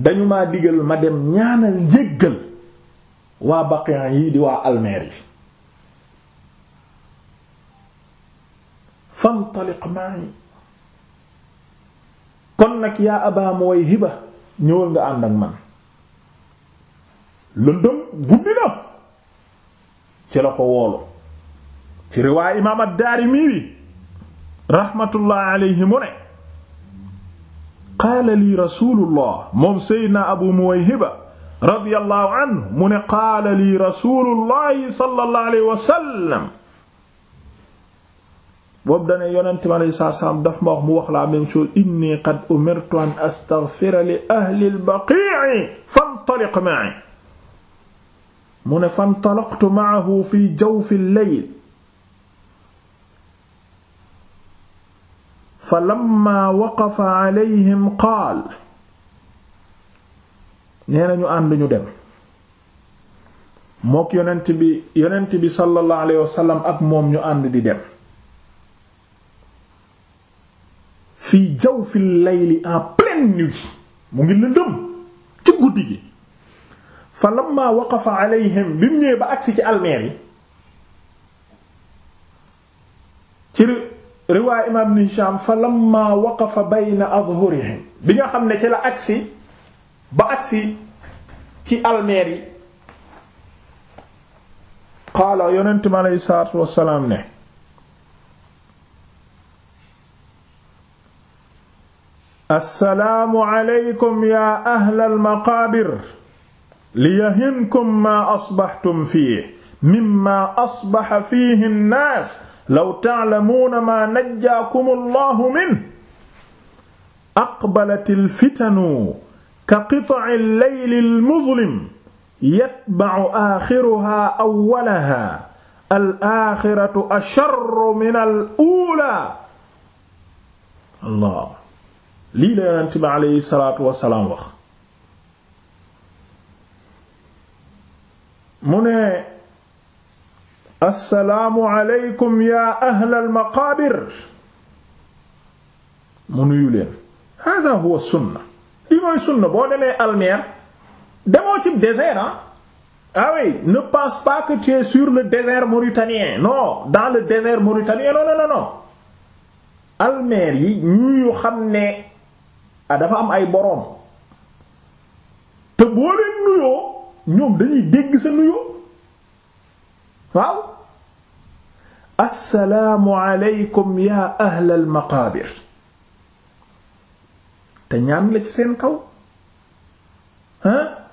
S1: dañu ma digal ma dem ñaanal njéggal waa baqi' yi di waa almeer yi fantaliq ma'i kon nag yaa aba muwayhiba ñëwal nga ànd ak man lëndëm guddi na ci la ko woolu ci riwaay imaam ad-Daarimi bi rahmatullah alayhi mu ne qaala lii rasulullah moom seydna abu muwayhiba radiyallahu anhu mu ne qaala lii rasulullahi sallallahu alayhi wa sallam boobu dane yonente mi aleyi salaatu salaam daf ma wax mu wax la même chose inni qad umirtu an astaghfira li ahli al-baqi' fantaliq ma'i mu fi jawfi al-layl falamma waqafa alayhim qaal nee nañu ànd ñu dem mook yonent bi yonent bi sallallahu alayhi wasallam ak moom ñu ànd di dem fii jawfil layli en pleine nuit mu ngi lëndëm ci guddi gi fa lamma waqafa alayhim bi mu ñëwee ba agsi ci almeer yi ci riwaay imaam ibn Hisham fa lamma waqafa bayna azhurihim bi nga xam ne ci la agsi ba agsi ci almeer yi qaala yonent mi aleyhi salaatu wassalaam ne assalaamu aleykum yaa ahlal maqaabir liyahinkum maa asbaxtum fiihi mimmaa asbaxa fiihi nnaas law ta'lamuuna maa najjaakum allahu minhu aqbalatil fitanu ka qit'il laylil muzlim yatba'u aaxiruhaa awwalahaa al-aaxiratu asharru minal uulaa allah lii la yonent bi aleyhi salaatu wasalaam mu ne assalaamu aleykum yaa ahlal maqaabir mu nuyu leen hada huwa sunna li mooy sunna boo demee almeer demoo ci désert ah ah oui ne pense pas que tu es sur le désert non dans le désert mauritanien non non non non almeer yi ñu xam ne ah dafa am ay boroom te boo leen nuyoo ñoom dañuy dégg sa nuyoo waaw assalaamu aleykum yaa ahlal maqaabir te ñaan la ci seen kaw ah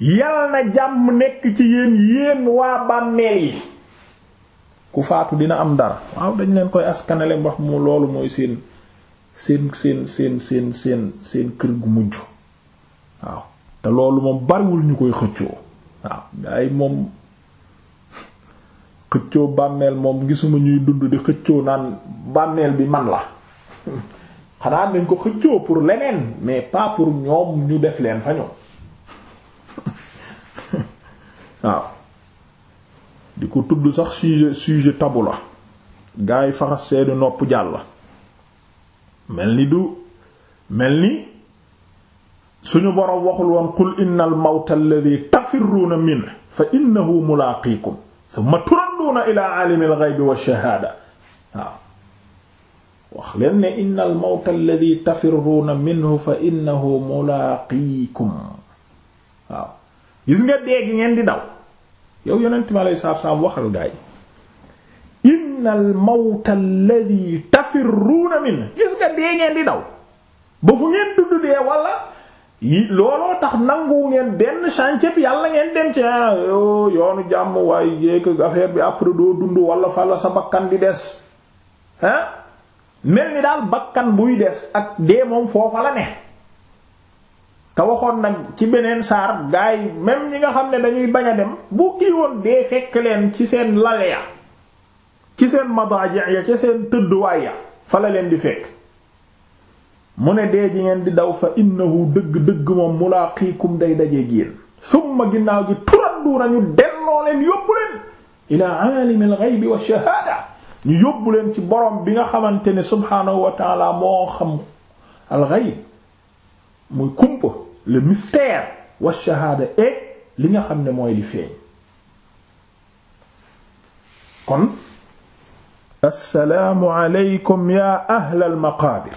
S1: yal na jàmm nekk ci yéen yéen waa bàmmeel yi ku faatu dina am dara waaw dañ leen koy askanale wax mu loolu mooy seen seen seen seen seen seen seen kër gu mujj waaw te loolu moom bariwul ñu koy xëccoo waaw ay moom xëccoo bànneel moom gisuma ñuy dund di xëccoo naan bànneel bi man la xanaa nañ ko xëccoo pour leneen mais pas pour ñoom ñu def leen fa ñoom waaw di ko tudd sax sujet sujet tabu la gaa yi faxas seeni nopp jàll mel ni du mel ni suñu boroom waxul woon qul innal mawta alladhi tafirruuna minhu fa innahu mulaaqiikum thumma turadduuna ilaa aalimil ghaybi wash-shahaada waaw wax leen ne innal fa innahu mulaaqiikum waaw nga dee gi di daw yow yonent mi alayhi salaatu wa salaam innal mawta alladhi tafirruuna min gis nga dee ngeen di daw ba fu ngeen dudd dee wala yi looloo tax nangu ngeen benn chantier bi yàlla ngeen dem ci ah, yoonu jàmm waaye yéeg affaire bi après doo dund wala fala sa bakkan di des ah mel ni daal bakkan buy des ak dee moom foofa la ne te waxoon nag ci beneen saar gaay même ñi nga xam ne dañuy bañ a dem bu kii woon dee fekk leen ci seen laleya ci seen madaaji ya ca seen tëdduwaay ya fa la leen di fekk mu ne dee ji ngeen di daw fa innahu dëgg dëgg moom mulaaqiikum day daje yéen summa ginnaaw gi turadduuna ñu delloo leen yóbbu leen ilaa aalimil ghaybi wa shahaada ñu yóbbu leen ci borom bi nga xamante ne subhaanahu wa moo xam al ghayb muy kumpa le mystère wa shahaada et li nga xam ne mooy li feeñ kon assalaamu aleykum yaa ahlal maqaabir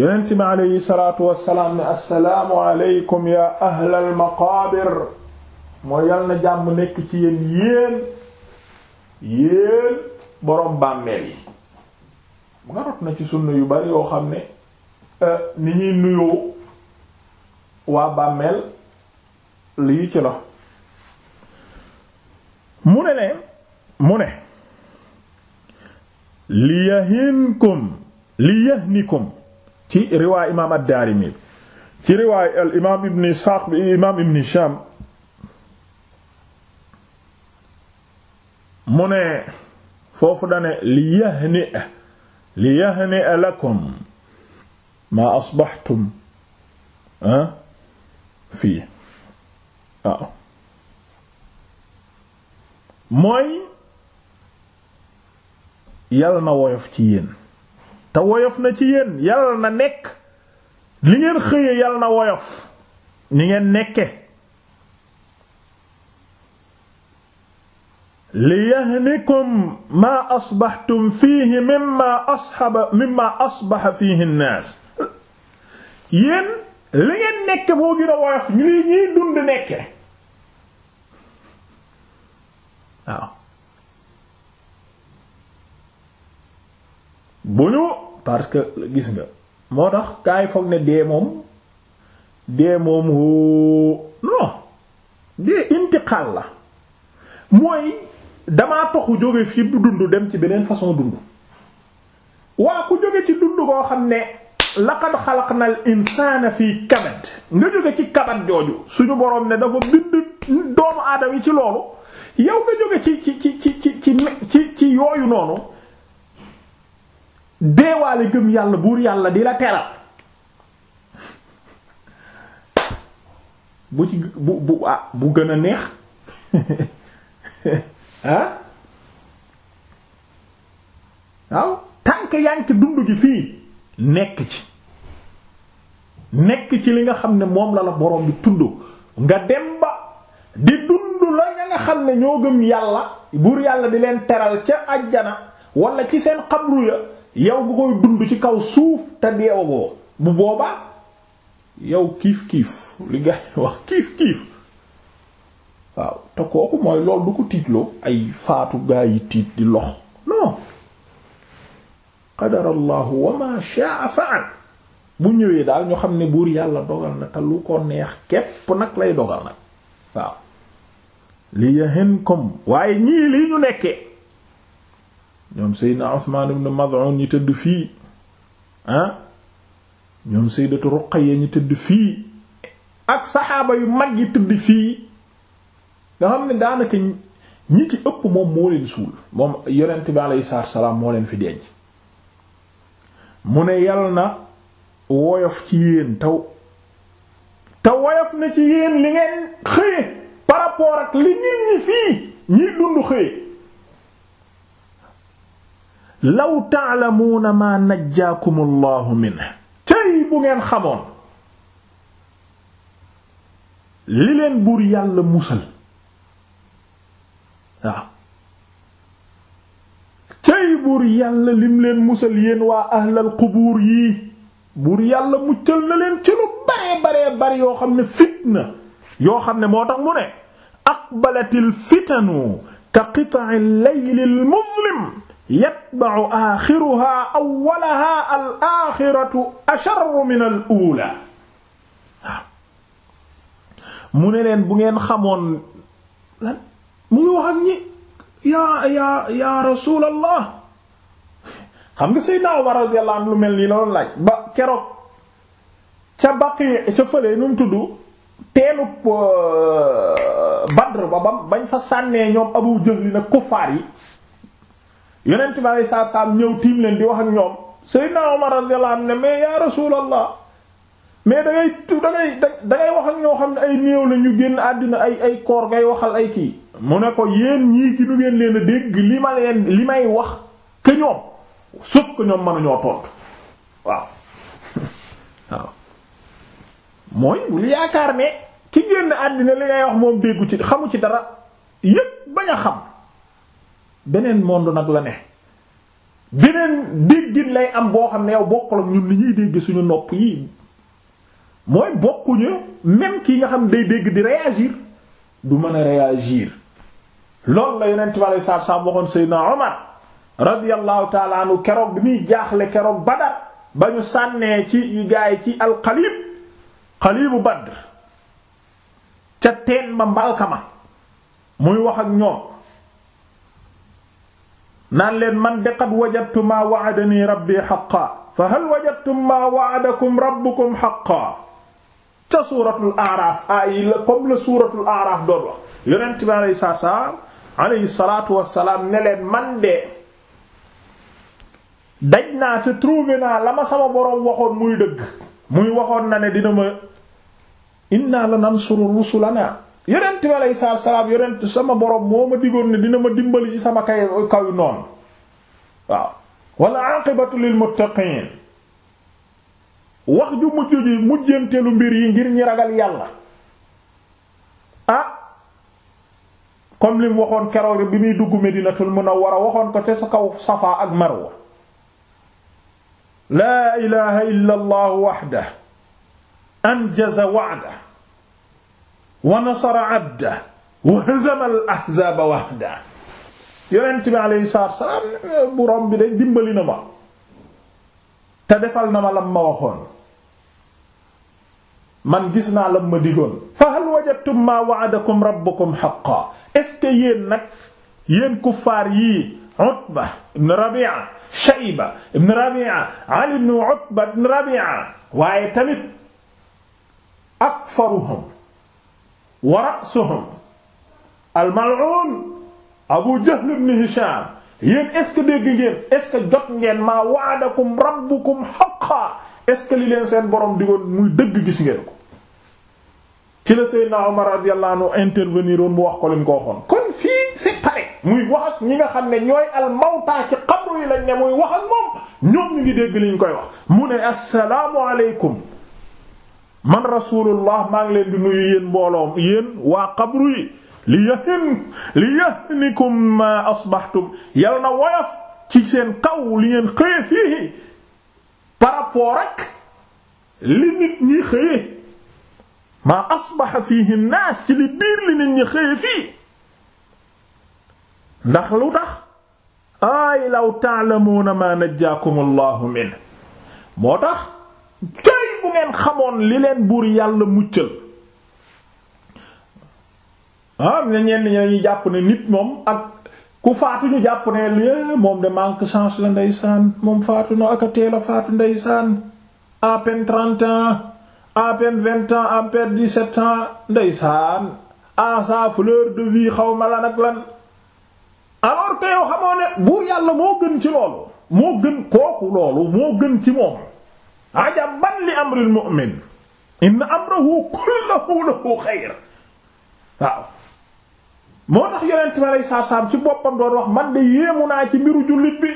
S1: yonent bi aleyhi salaatu wassalaam ne assalaamu aleykum yaa ahlal maqaabir mooy yal na jàmm nekk ci yéen yéen yéen boroom bàmmeel yi mu nga rot na ci sunna yu bari yoo xam ne eh, ni ñuy nuyoo waa bàmmeel lii ci la mu ne ne mu ne li yahinkum li yahnikum ci riwaay imaam ad-Daarimi ci riwaay imaam ibn Isxaaq mu ne foofu dane li lakum maa asbaxtum ah, fii mooy yal na woyof ci yéen te woyof na ci yéen yal na nekk li ngeen xëye yal na woyof ni ngeen nekke li yahnikum maa asbaxtum fiihi mimma asxaba fiihi nnaas yéen li ngeen nekke boo gën a woyof ñu li ñiy dund nekke bu ñu parce que gis nga moo tax kaay foog ne dee moom dee moom woo non dee intiqal la mooy damaa toxu jóge fi bu dund dem ci beneen façon dund waa ku jóge ci dund koo xam ne laqad xalaqnal insaana fii kabad nga jóge ci kabad jooju suñu boroom ne dafa bind doomu aadama yi ci loolu yow nga jóge ci ci ci ci ci ci ci yooyu noonu deewaale gëm yàlla buur yàlla di la teral bu ci bu bu ah bu gën a neex ah waaw tànk yaa ngi ci dund gi fii nekk ci nekk ci li nga xam ne moom la la borom bi tudd nga dem ba di dund la nga xam ne ñoo gëm yàlla buur yàlla di leen teral ca ajjana wala ci seen xabru ya yow nga koy dund ci kaw suuf te deewagoo bu boobaa yow kiif kiif li nga wax kiif kiif waaw te kooku mooy loolu du ko tiitloo ay faatu gaa yi tiit di lox non qadara allahu wa ma sha'a bu ñëwee daal ñu xam ne buur yàlla dogal na te lu ko neex képp nag lay dogal nag waaw li yahinkum waaye ñii lii ñu nekkee ñoom seydna Usmaan ibn Mad'un ñi tëdd fii ah ñoom sayyidatu Ruqayya ñi tëdd fii ak saxaaba yu mag yi tëdd fii nga xam ne daanaka ñi ci ëpp moom moo leen suul moom yonent bi alayhi salaatu salaam moo leen fi denc mu ne yàlla na woyof ci yéen taw te woyof na ci yéen li ngeen xëye par ak li nit ñi fii ñiy dund xëye law taalamuuna maa najjaakum allahu minhu tey bu ngeen xamoon li leen buur yàlla musal waaw buur yàlla lim leen musal yéen waa ahlal qubuur yii buur yàlla muccal na leen ci lu bare bare bare yoo xam ne fitna yoo xam ne moo tax mu ne aqbalatil fitanu ka qita'il laylil muzlim yatba'u aaxiruhaa awwalahaa al aaxiratu min al uulaa mu ne leen bu ngeen xamoon lan mu ngi wax ak ñi yaa yaa yaa rasuulallah xam nga Seydina Umar radiyallahu anhu lu mel la doon ba keroog ca baqi ca fële nu tudd teenub euh, Badr ba bam bañ fa sànnee ñoom Abu Jahl nag kuffaar yi yonent bi aleyhi salaatu salaam ñëw tiim leen di wax ak ñoom Seydina Omar radiyallahu anhu ne mais ya rasulallah mais da ngay da ngay wax ak ñoo xam ne ay néew la ñu génn àddina ay ay koor ngay waxal ay kii mu ne ko yéen ñii ki nu ngeen leen a dégg li ma leen li may wax que ñoom sauf que ñoom mënuñoo tontu waaw waaw mooy bul yaakaar ne ki génn àddina li ngay wax moom déggu ci xamu ci dara yépp bañ a xam beneen monde nag la ne beneen déggin lay am boo xam ne yow bokkul ak ñun li ñuy dégg suñu nopp yi mooy bokkuñu même kii nga xam day dégg di réagir du mën a réagir loolu la yonent bi alayhi salaatu salaam waxoon Seydina Omar radiyallahu taala anhu keroog bi muy jaaxle keroog Badar ba ñu sànnee ci gaay ci alqalib qalibu Badr ca teen ba mbalka ma muy wax ak ñoom naan leen man de qad wajadtu maa wa'adani rabbi haqqan fa hal wajadtum maa wa'adakum rabbukum haqqan ca suuratul aaraaf ay la comme la suuratul aaraaf doon wax yonent bi alayhi salaam ne leen man de daj naa te trouvé la ma sama boroom waxoon muy dëgg muy waxoon na ne dina ma inna lanansuru rusulanaa yonent bi alayhi salaatu sama borom moo ma digoon ne dina ma dimbali ci sama kay kaw yu waaw wala aqibatu lil muttaqiin wax ju mujj ji mbir yi ngir ñi ragal yàlla ah comme lim waxoon keroog bi muy dugg Medinatul Munawwara waxoon ko te sa kaw Safa ak Marwa laa ilaha illa allah waxda anjaza wa'da wa nasara abda wa hazama al ahzaaba wahda yonent bi alayhi salaatu wa salaam borom bi de dimbali na ma te defal na ma lam ma waxoon man gis naa lam ma digoon fa hal wajadtum ma wa'adakum rabbukum haqqan est-ce que yéen nag yéen kuffaar yii Utba ibn Rabi'a Shayba ibn Rabi'a Ali ibn Utba ibn Rabi'a waaye tamit akfaruhum wa ra'suhum al-mal'un Abu Jahl ibn yéen est-ce que dégg ngeen est-ce que jot ngeen maa waadakum rabbukum haqqan est-ce que li leen seen borom digoon muy dëgg gis ngeen ko ci la Seydina Omar radiyallahu anhu intervenir woon mu wax ko lim ko waxoon kon fii c'est pareil muy wax ñi nga xam ne ñooy al-mawta ci qabru yi lañ ne muy wax ak moom ñoom ñu ngi dégg liñ koy wax mu ne assalaamu alaykum man rasulullah maa ngi leen di nuyu yéen mbooloom yéen waa xabru yi li yahin li yahnikum ma asbahtum yal na woyof ci seen kaw li ngeen xëye fii par rapport ak li nit ñi xëye maa asbaha fihi naas ci li biir li nit ñi xëye fii ndax lu tax ay law ta'lamuna ma najjaakum allahu min moo tax tey bu ngeen xamoon li leen buur yàlla muccal ah ne ñenn ñi jàpp ne nit moom ak ku faatu ñu jàpp ne lii moom de manque chance la ndeysaan moom faatu na ak a teel a faatu ndeysaan à peine trente ans à peine vingt ans à peine dix-sept ans ndeysaan à sa fleur de vie xaw ma lan ak lan alors que xamoo ne buur yàlla moo gën ci loolu moo gën kooku loolu moo gën ci moom. ajaban li amril mu'min inna amrahu kulluhu lahu xayr waaw moo tax yonent bi aleyhi salaatu salaam ci boppam doon wax man de yéemu naa ci mbiru jullit bi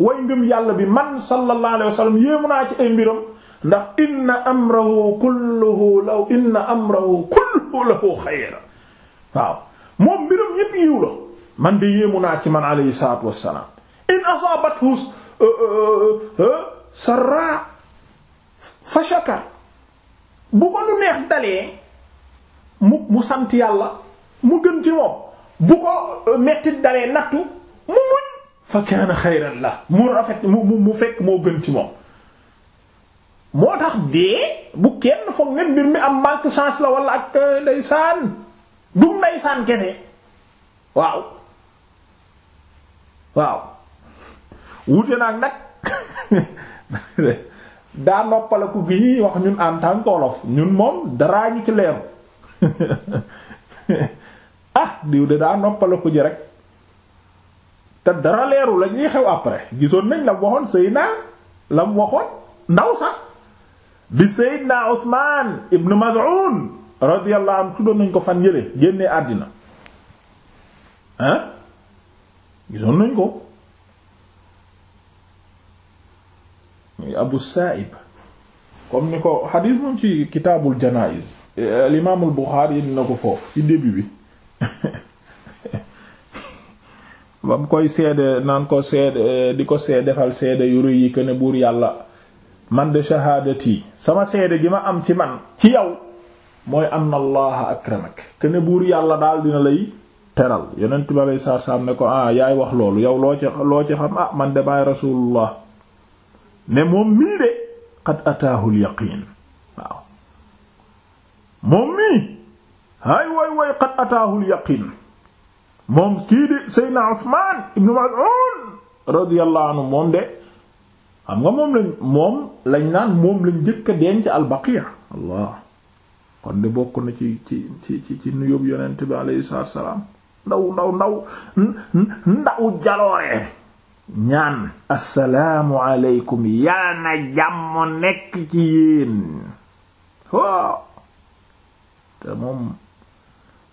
S1: way ngëm yàlla bi man sallallahu alayhi wa sallam yéemu naa ci ay mbiram ndax inna amrahu kulluhu law inna amrahu kulluhu lahu xayr waaw moom mbiram yépp yiw la man de yéemu naa ci man aleyhi salaatu wassalaam in asaabathu uh, uh, uh, sarraa fa shakar bu ko lu neex dalee mu mu sant yàlla mu gën ci moom bu ko euh, mettit dalee nattu mu muñ fa kaana xayran la mu rafet mu mu fekk moo gën ci moom moo tax dee bu kenn foog ne mbir mi am manque chance la wala ak euh, ndeysaan du ndeysaan kese waaw waaw wute naag nag daa noppaleku gi ñuy wax ñun en tant qu'olof ñun moom dara ñu ci leeru ah diw de daa noppaleku ji rek te dara leeru la ñuy xew après gisoon nañ la waxoon Seydina la mu waxoon ndaw sax bi Seydina Usmaan ibn Maz'un radiyallahu anhu tuddoon nañ ko fan yële génnee àddina ah gisoon nañ ko abu sa'ib comme ni ko xadiis moom ci kitaabul janaa'iz al imaamul buxaari indi ko foofu ci début bi ba mu koy seede naan ko seede di ko seede defal seede yu rëy yi que ne buur yàlla man de shahaadati sama seede gi ma am ci man ci yow mooy anna ak akramak que ne buur yàlla daal dina lay teral yeneen bi aleyhi salaatu salaam ne ko ah yaay wax loolu yow loo ci loo ci xam ah man de maay rasulullah ne moom mii de qad ataahu al-yaqiin waaw moom mii hay way way qad ataahu al moom kii de Seydina Usmaan ibnu Mas'uud radiyallahu anhu moom de xam nga moom lañ moom lañ naan moom lañ jëkk a denc al-Baqiya kon de bokk na ci ci ci ci ci nuyób yonent bi alayhi salaatu wa ndaw ndaw ndaw ndaw jaloore ñaan assalaamu aleykum yal na jàmm nekk ci yéen waaw te moom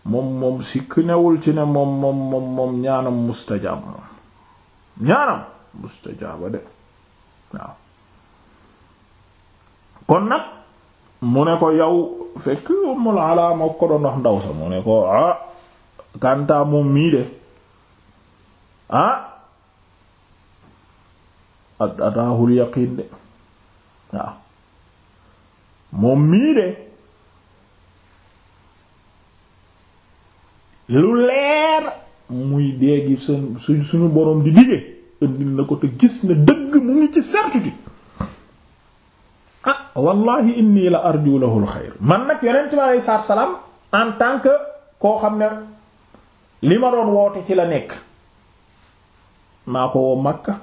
S1: moom moom sikk newul ci ne moom moom moom ñaanam mustajaab moom ñaanam mustajaaba de kon nag mu ne ko yow fekk ummul alaa ko doon wax ndaw sa mu ne ko ah kantaa moom mii de ah ataahul yaqiin de waaw moom mii de lu leer muy déegi seen suñu boroom di dige indi na ko te gis na dëgg mu ngi ci certitude ah wallahi inni la arju lahul xayr man nag yonent bi aleyhi salaatu salaam en tant que koo xam ne li ma doon woote ci la nekk maa ko woo Makka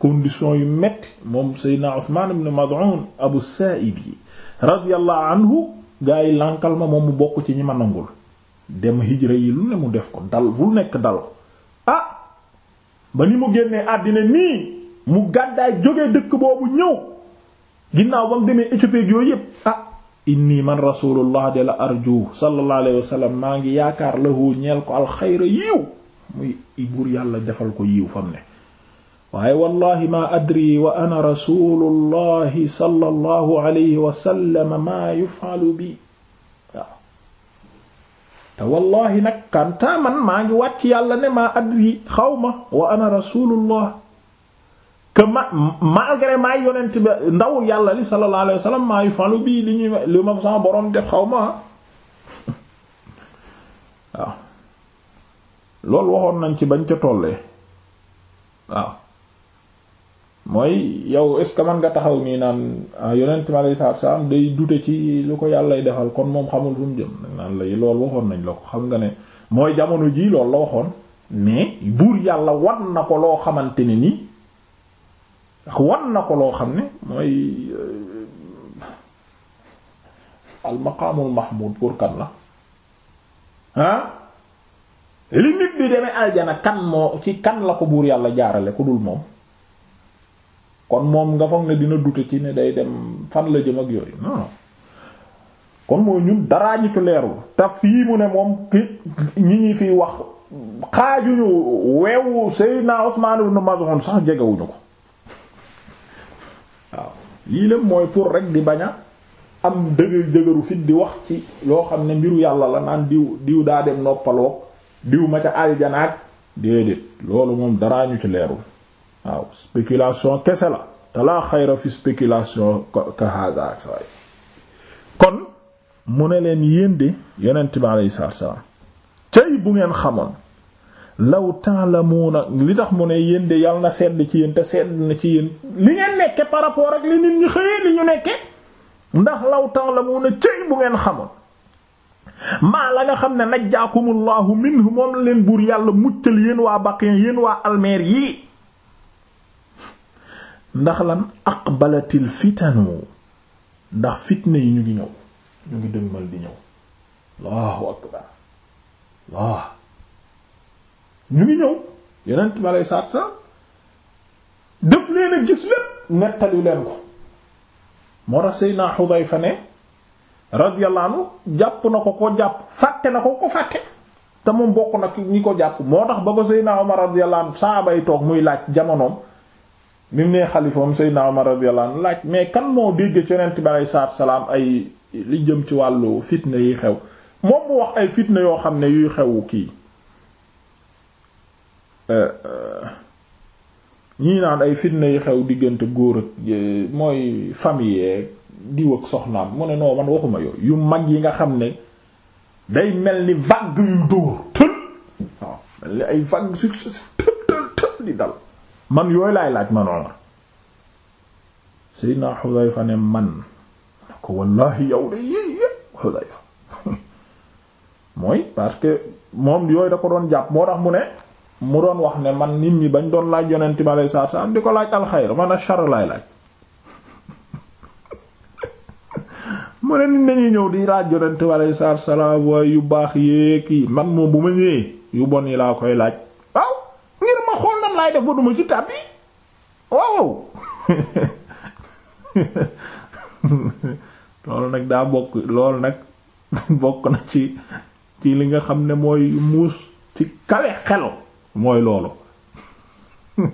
S1: condition yu metti moom Seydina Usmaan ibn Mad'un Abu Sa'ib yi radiyallahu anhu gaa yi lànkal ma moom mu bokk ci ñi ma nangul dem hijra yi lu ne mu def ko dal lu nekk dal ah ba ni mu génnee àddina nii mu gàddaay jóge dëkk boobu ñëw ginnaaw ba mu demee Éthiopie yooyu yépp ah inni man rasulullah de la arju sallallahu alayhi wa maa ngi yaakaar lahu ñeel ko alxayra yiiw muy buur yàlla defal ko yiiw fam ne waaye wallahi ma adri wa ana rasulullahi sallallahu alayhi wa sallam ma yufalu bi waaw wallahi nag kantaa man maa ngi wàcc yàlla ne ma adri xawma wa ana rasulullah que ma malgré maay yonent bi ndaw yàlla li sallallahu alayhi wa sallam ma yufalu bi li ñuy li ma sama boroom def xawma waaw loolu waxoon nañ ci bañ ca tollee mooy yow est ce que man nga taxaw nii naan ah, yonent mi alayhi salaatu salaam day dute ci lu ko yàllay defal kon moom xamul fu mu jëm nag naan la loolu waxoon nañ la ko xam nga ne mooy jamono jii loolu la waxoon mais buur yàlla wan na ko loo xamante ne nii wan na ko loo xam ne mooy euh, al maqaamul mahmud pour kan la ah li nit bi demee aljana kan moo ci kan la ko buur yàlla jaarale ku dul moom kon moom nga foog ne dina dute ci ne day dem fan la jëm ak yooyu non non kon mooy ñun daraa ñu ci leerul te fii mu ne moom ki ñi ñi fiy wax xaajuñu weewu naa Usmaan ibn Maz'un sax jegewuñu ko waaw lii lépp mooy pour rek di baña am dëgër dëgëru fit di wax ci loo xam ne mbiru yàlla la naan diw diw daa dem noppaloo diw ma ca aljanaak déedéet loolu moom daraa ñu ci leerul waaw spéculation kese la te laa xayra fi spéculation ka hada say kon mu ne leen yéen de yonent bi alayhi salaam cay bu ngeen xamoon law ta'lamuna li tax mu ne yéen de yàlla na sedd ci yéen te sedd na ci yéen li ngeen nekke par rapport ak li nit ñi xëyee li ñu nekke ndax law ta'lamuna cay bu ngeen xamoon maa la nga xam ne najjaakumullahu minhu moom la leen buur yàlla muccal yéen waa Baqiya yéen waa almeer yii ndax lan aqbalatil fitanu ndax fitna yi ñu ngi ñëw ñu ngi dëgmal di ñëw allahu akbar allah ñu ngi ñëw yonent bi alei saatu jàpp na ko ko jàpp na ko ko fàtte ko jàpp moo tax ba ko Seydina Umar radiyallahu anhu toog muy laaj jamonoom mi mu nee xalifaam Seydina Omar radiyallahu anhu laaj mais kan moo dégg ci yonent bi aleyhi salaatu salaam ay li jëm ci wàllu fitna yi xew moom mu wax ay fitna yoo xam ne yuy xewu kii euh, euh, ñii fitna yi xew diggante góor ak mooy famille diw ak soxnaam mu ne noo man waxuma yooyu yu mag yi nga xam ne day mel ni vague yu dóor tël waaw mel ni ay vague successive tël tël tël di dal man yooyu laay laaj man Umar Seydina Xudayfa ne man na ko wallahi yow de yii Xudayfa mooy parce que moom yooyu da ko doon jàpp moo tax mu ne mu doon wax ne man nit ñi bañ doon laaj yonent bi aleyhi salaatu salaam di ko laaj alxayr man a shar laay laaj mu ne nit dañuy ñëw di laaj yonent bi aleyhi salaatu salaam waaye yu baax yéeg yi man moom bu ma ñëwee yu bon yi laa koy laaj laay def ba duma ci tàbbi waaw loolu nag daa bokk loolu nag bokk na ci ci li nga xam ne mooy muus ci kawe xelo mooy loolu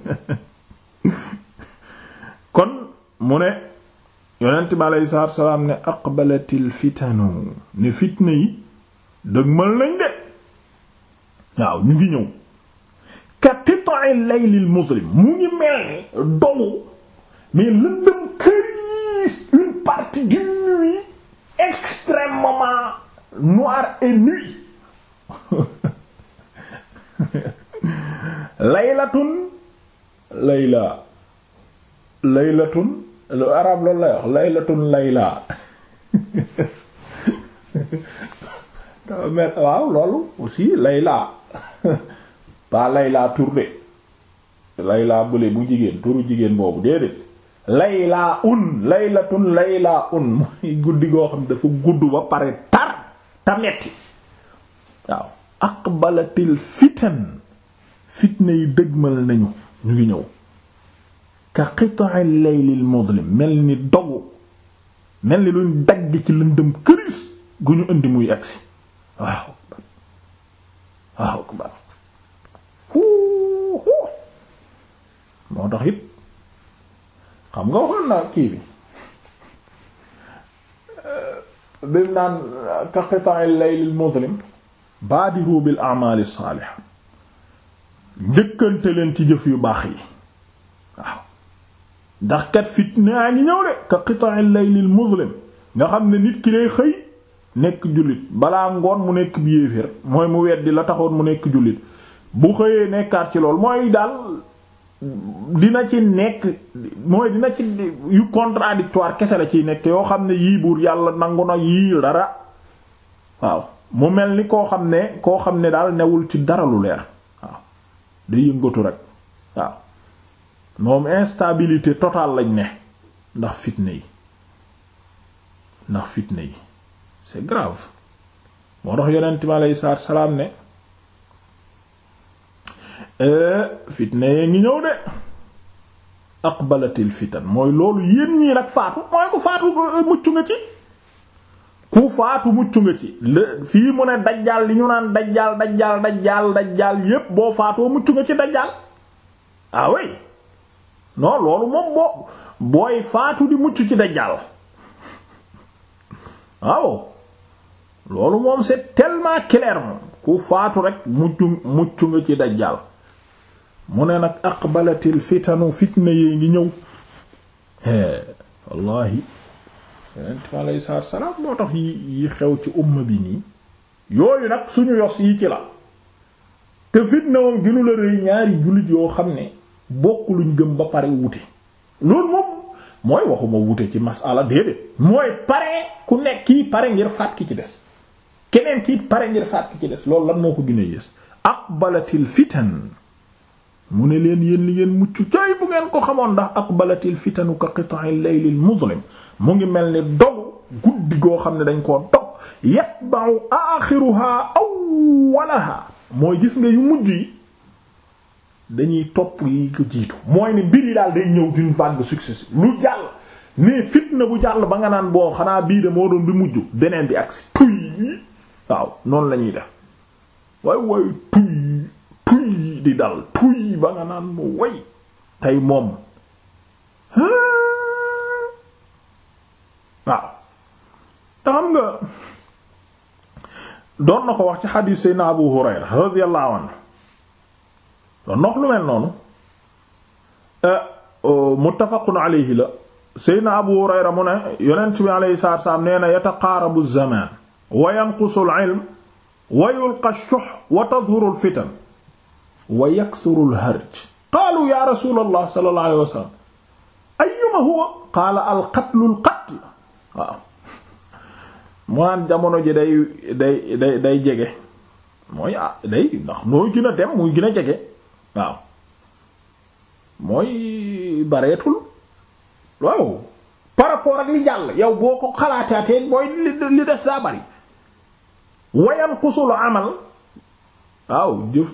S1: kon mu ne yonent bi aleyhi salaatu salaam ne aqbalatil fitanu ne fitna yi dëgmal nañ de waaw ñu ngi ñëw ka qit'i laylil muzlim mu ngi mel ni dogu mais lëndëm këriis une partie d'une nuit extrêmement noire et nuit laylatun layla laylatun lu arab loolu lay wax waaw loolu aussi layla pas Layla tur de Layla bële bu jigéen turu jigéen boobu déedéet Layla un laylatun Layla un mooy guddi goo xam dafa gudd ba pare tar ta metti waaw aqbalatil fitan fitna yi dëgmal nañu ñu ngi ñëw ka qita'il laylil mudlim mel ni dogu mel ni luñ dagg ci lëndëm këris gu ñu indi muy agsi waaw waaw moo tax it xam nga waxoon na kii bi euh, bim naan ka qita'il layl al muzlim baadiru bil a'mal as njëkkante leen ci jëf yu baax yi waaw ndax kat fitna ngi ñëw de ka qita'il layl al muzlim nga xam ne nit ki day xëy nekk jullit balaa ngoon mu nekk bi yéeféer mooy mu weddi la taxoon mu nekk jullit bu xëyee nekkaat ci lool mooy daal dina ci nekk mooy dina ci yu contradictoire kese la ciy nekk yoo xam ne yii buur yàlla nangu na yii dara waaw mu mel ni koo xam ne koo xam ne daal newul ci dara lu leer waaw day yëngatu rek waaw moom instabilité totale lañ ne ndax fitne yi ndax fitne yi c'est grave moo tax yonent mi aleyhi salaam ne fitna yee ngi ñëw de aqbalatil fitan mooy loolu yéen ñii nag faatu mooy ku faatu euh, mucc nga ci ku faatu mucc nga ci le fii mu ne dajjaal li ñu naan dajjaal dajjaal dajjaal yépp boo faatoo mucc nga ci dajjaal ah faatu di mucc ci dajjaal waaw loolu moom c'est tellement clair moom ku faatu rek mucc mucc nga ci dajjaal mu ne nag aqbalatil fitanu fitna yee ngi ñëw wallahi yonent mi aleyhi salaatu salaam moo tax yi xew ci umma bi nii yooyu nag suñu yos yi ci la te fitna moom ginu la rëy ñaari jullit yoo xam ne bokk luñ gëm ba pare wute loolu moom mooy waxuma wute ci masala déedéet mooy pare ku nekk kii pare ngir faat ki ci des keneen kii pare ngir faat ki ci des loolu lan moo ko gën a yées aqbalatil fitan mu ne leen yéen li ngeen mucc cay bu ngeen ko xamoon ndax aqbalatil fitanu ka qita'il laylil muzlim mu ngi mel ni dogu guddi goo xam ne dañ koo dog yatba'u axiruha awwalaha mooy gis nga yu mujj yi dañuy topp yi ko jiitu mooy ne mbir yi daal day ñëw d'une vague successive lu jàll ne fitna bu jàll ba nga naan boo xanaa bii de moo doon bi mujj beneen bi agsi tuy waaw noonu lañuy ñuy def waay waay tuy tuy di dal tuy ba naan mu way tey moom waaw te nga doon na ko wax ci Abu Hurayra radiyallahu anhu doon na noonu eh, muttafaqun alayhi la Seydina Abu Hurayra mu ne yonent bi alayhi salaatu salaam nee na yataqaarabu az-zamaan wa al-ilm wa yulqa ash-shuh al-fitan wa yaksuru lharj qaalu ya rasul allah sallallahu alayhi wa sallam huwa qaala alqatlu alqatl waaw mu naan jamono ji day day day day jege mooy ah day ndax nooy gën a dem muy gën a jege mooy bareetul waaw par li jàll yow boo ko xalaataatee mooy li des daa bari wayanqusul amal waaw jëf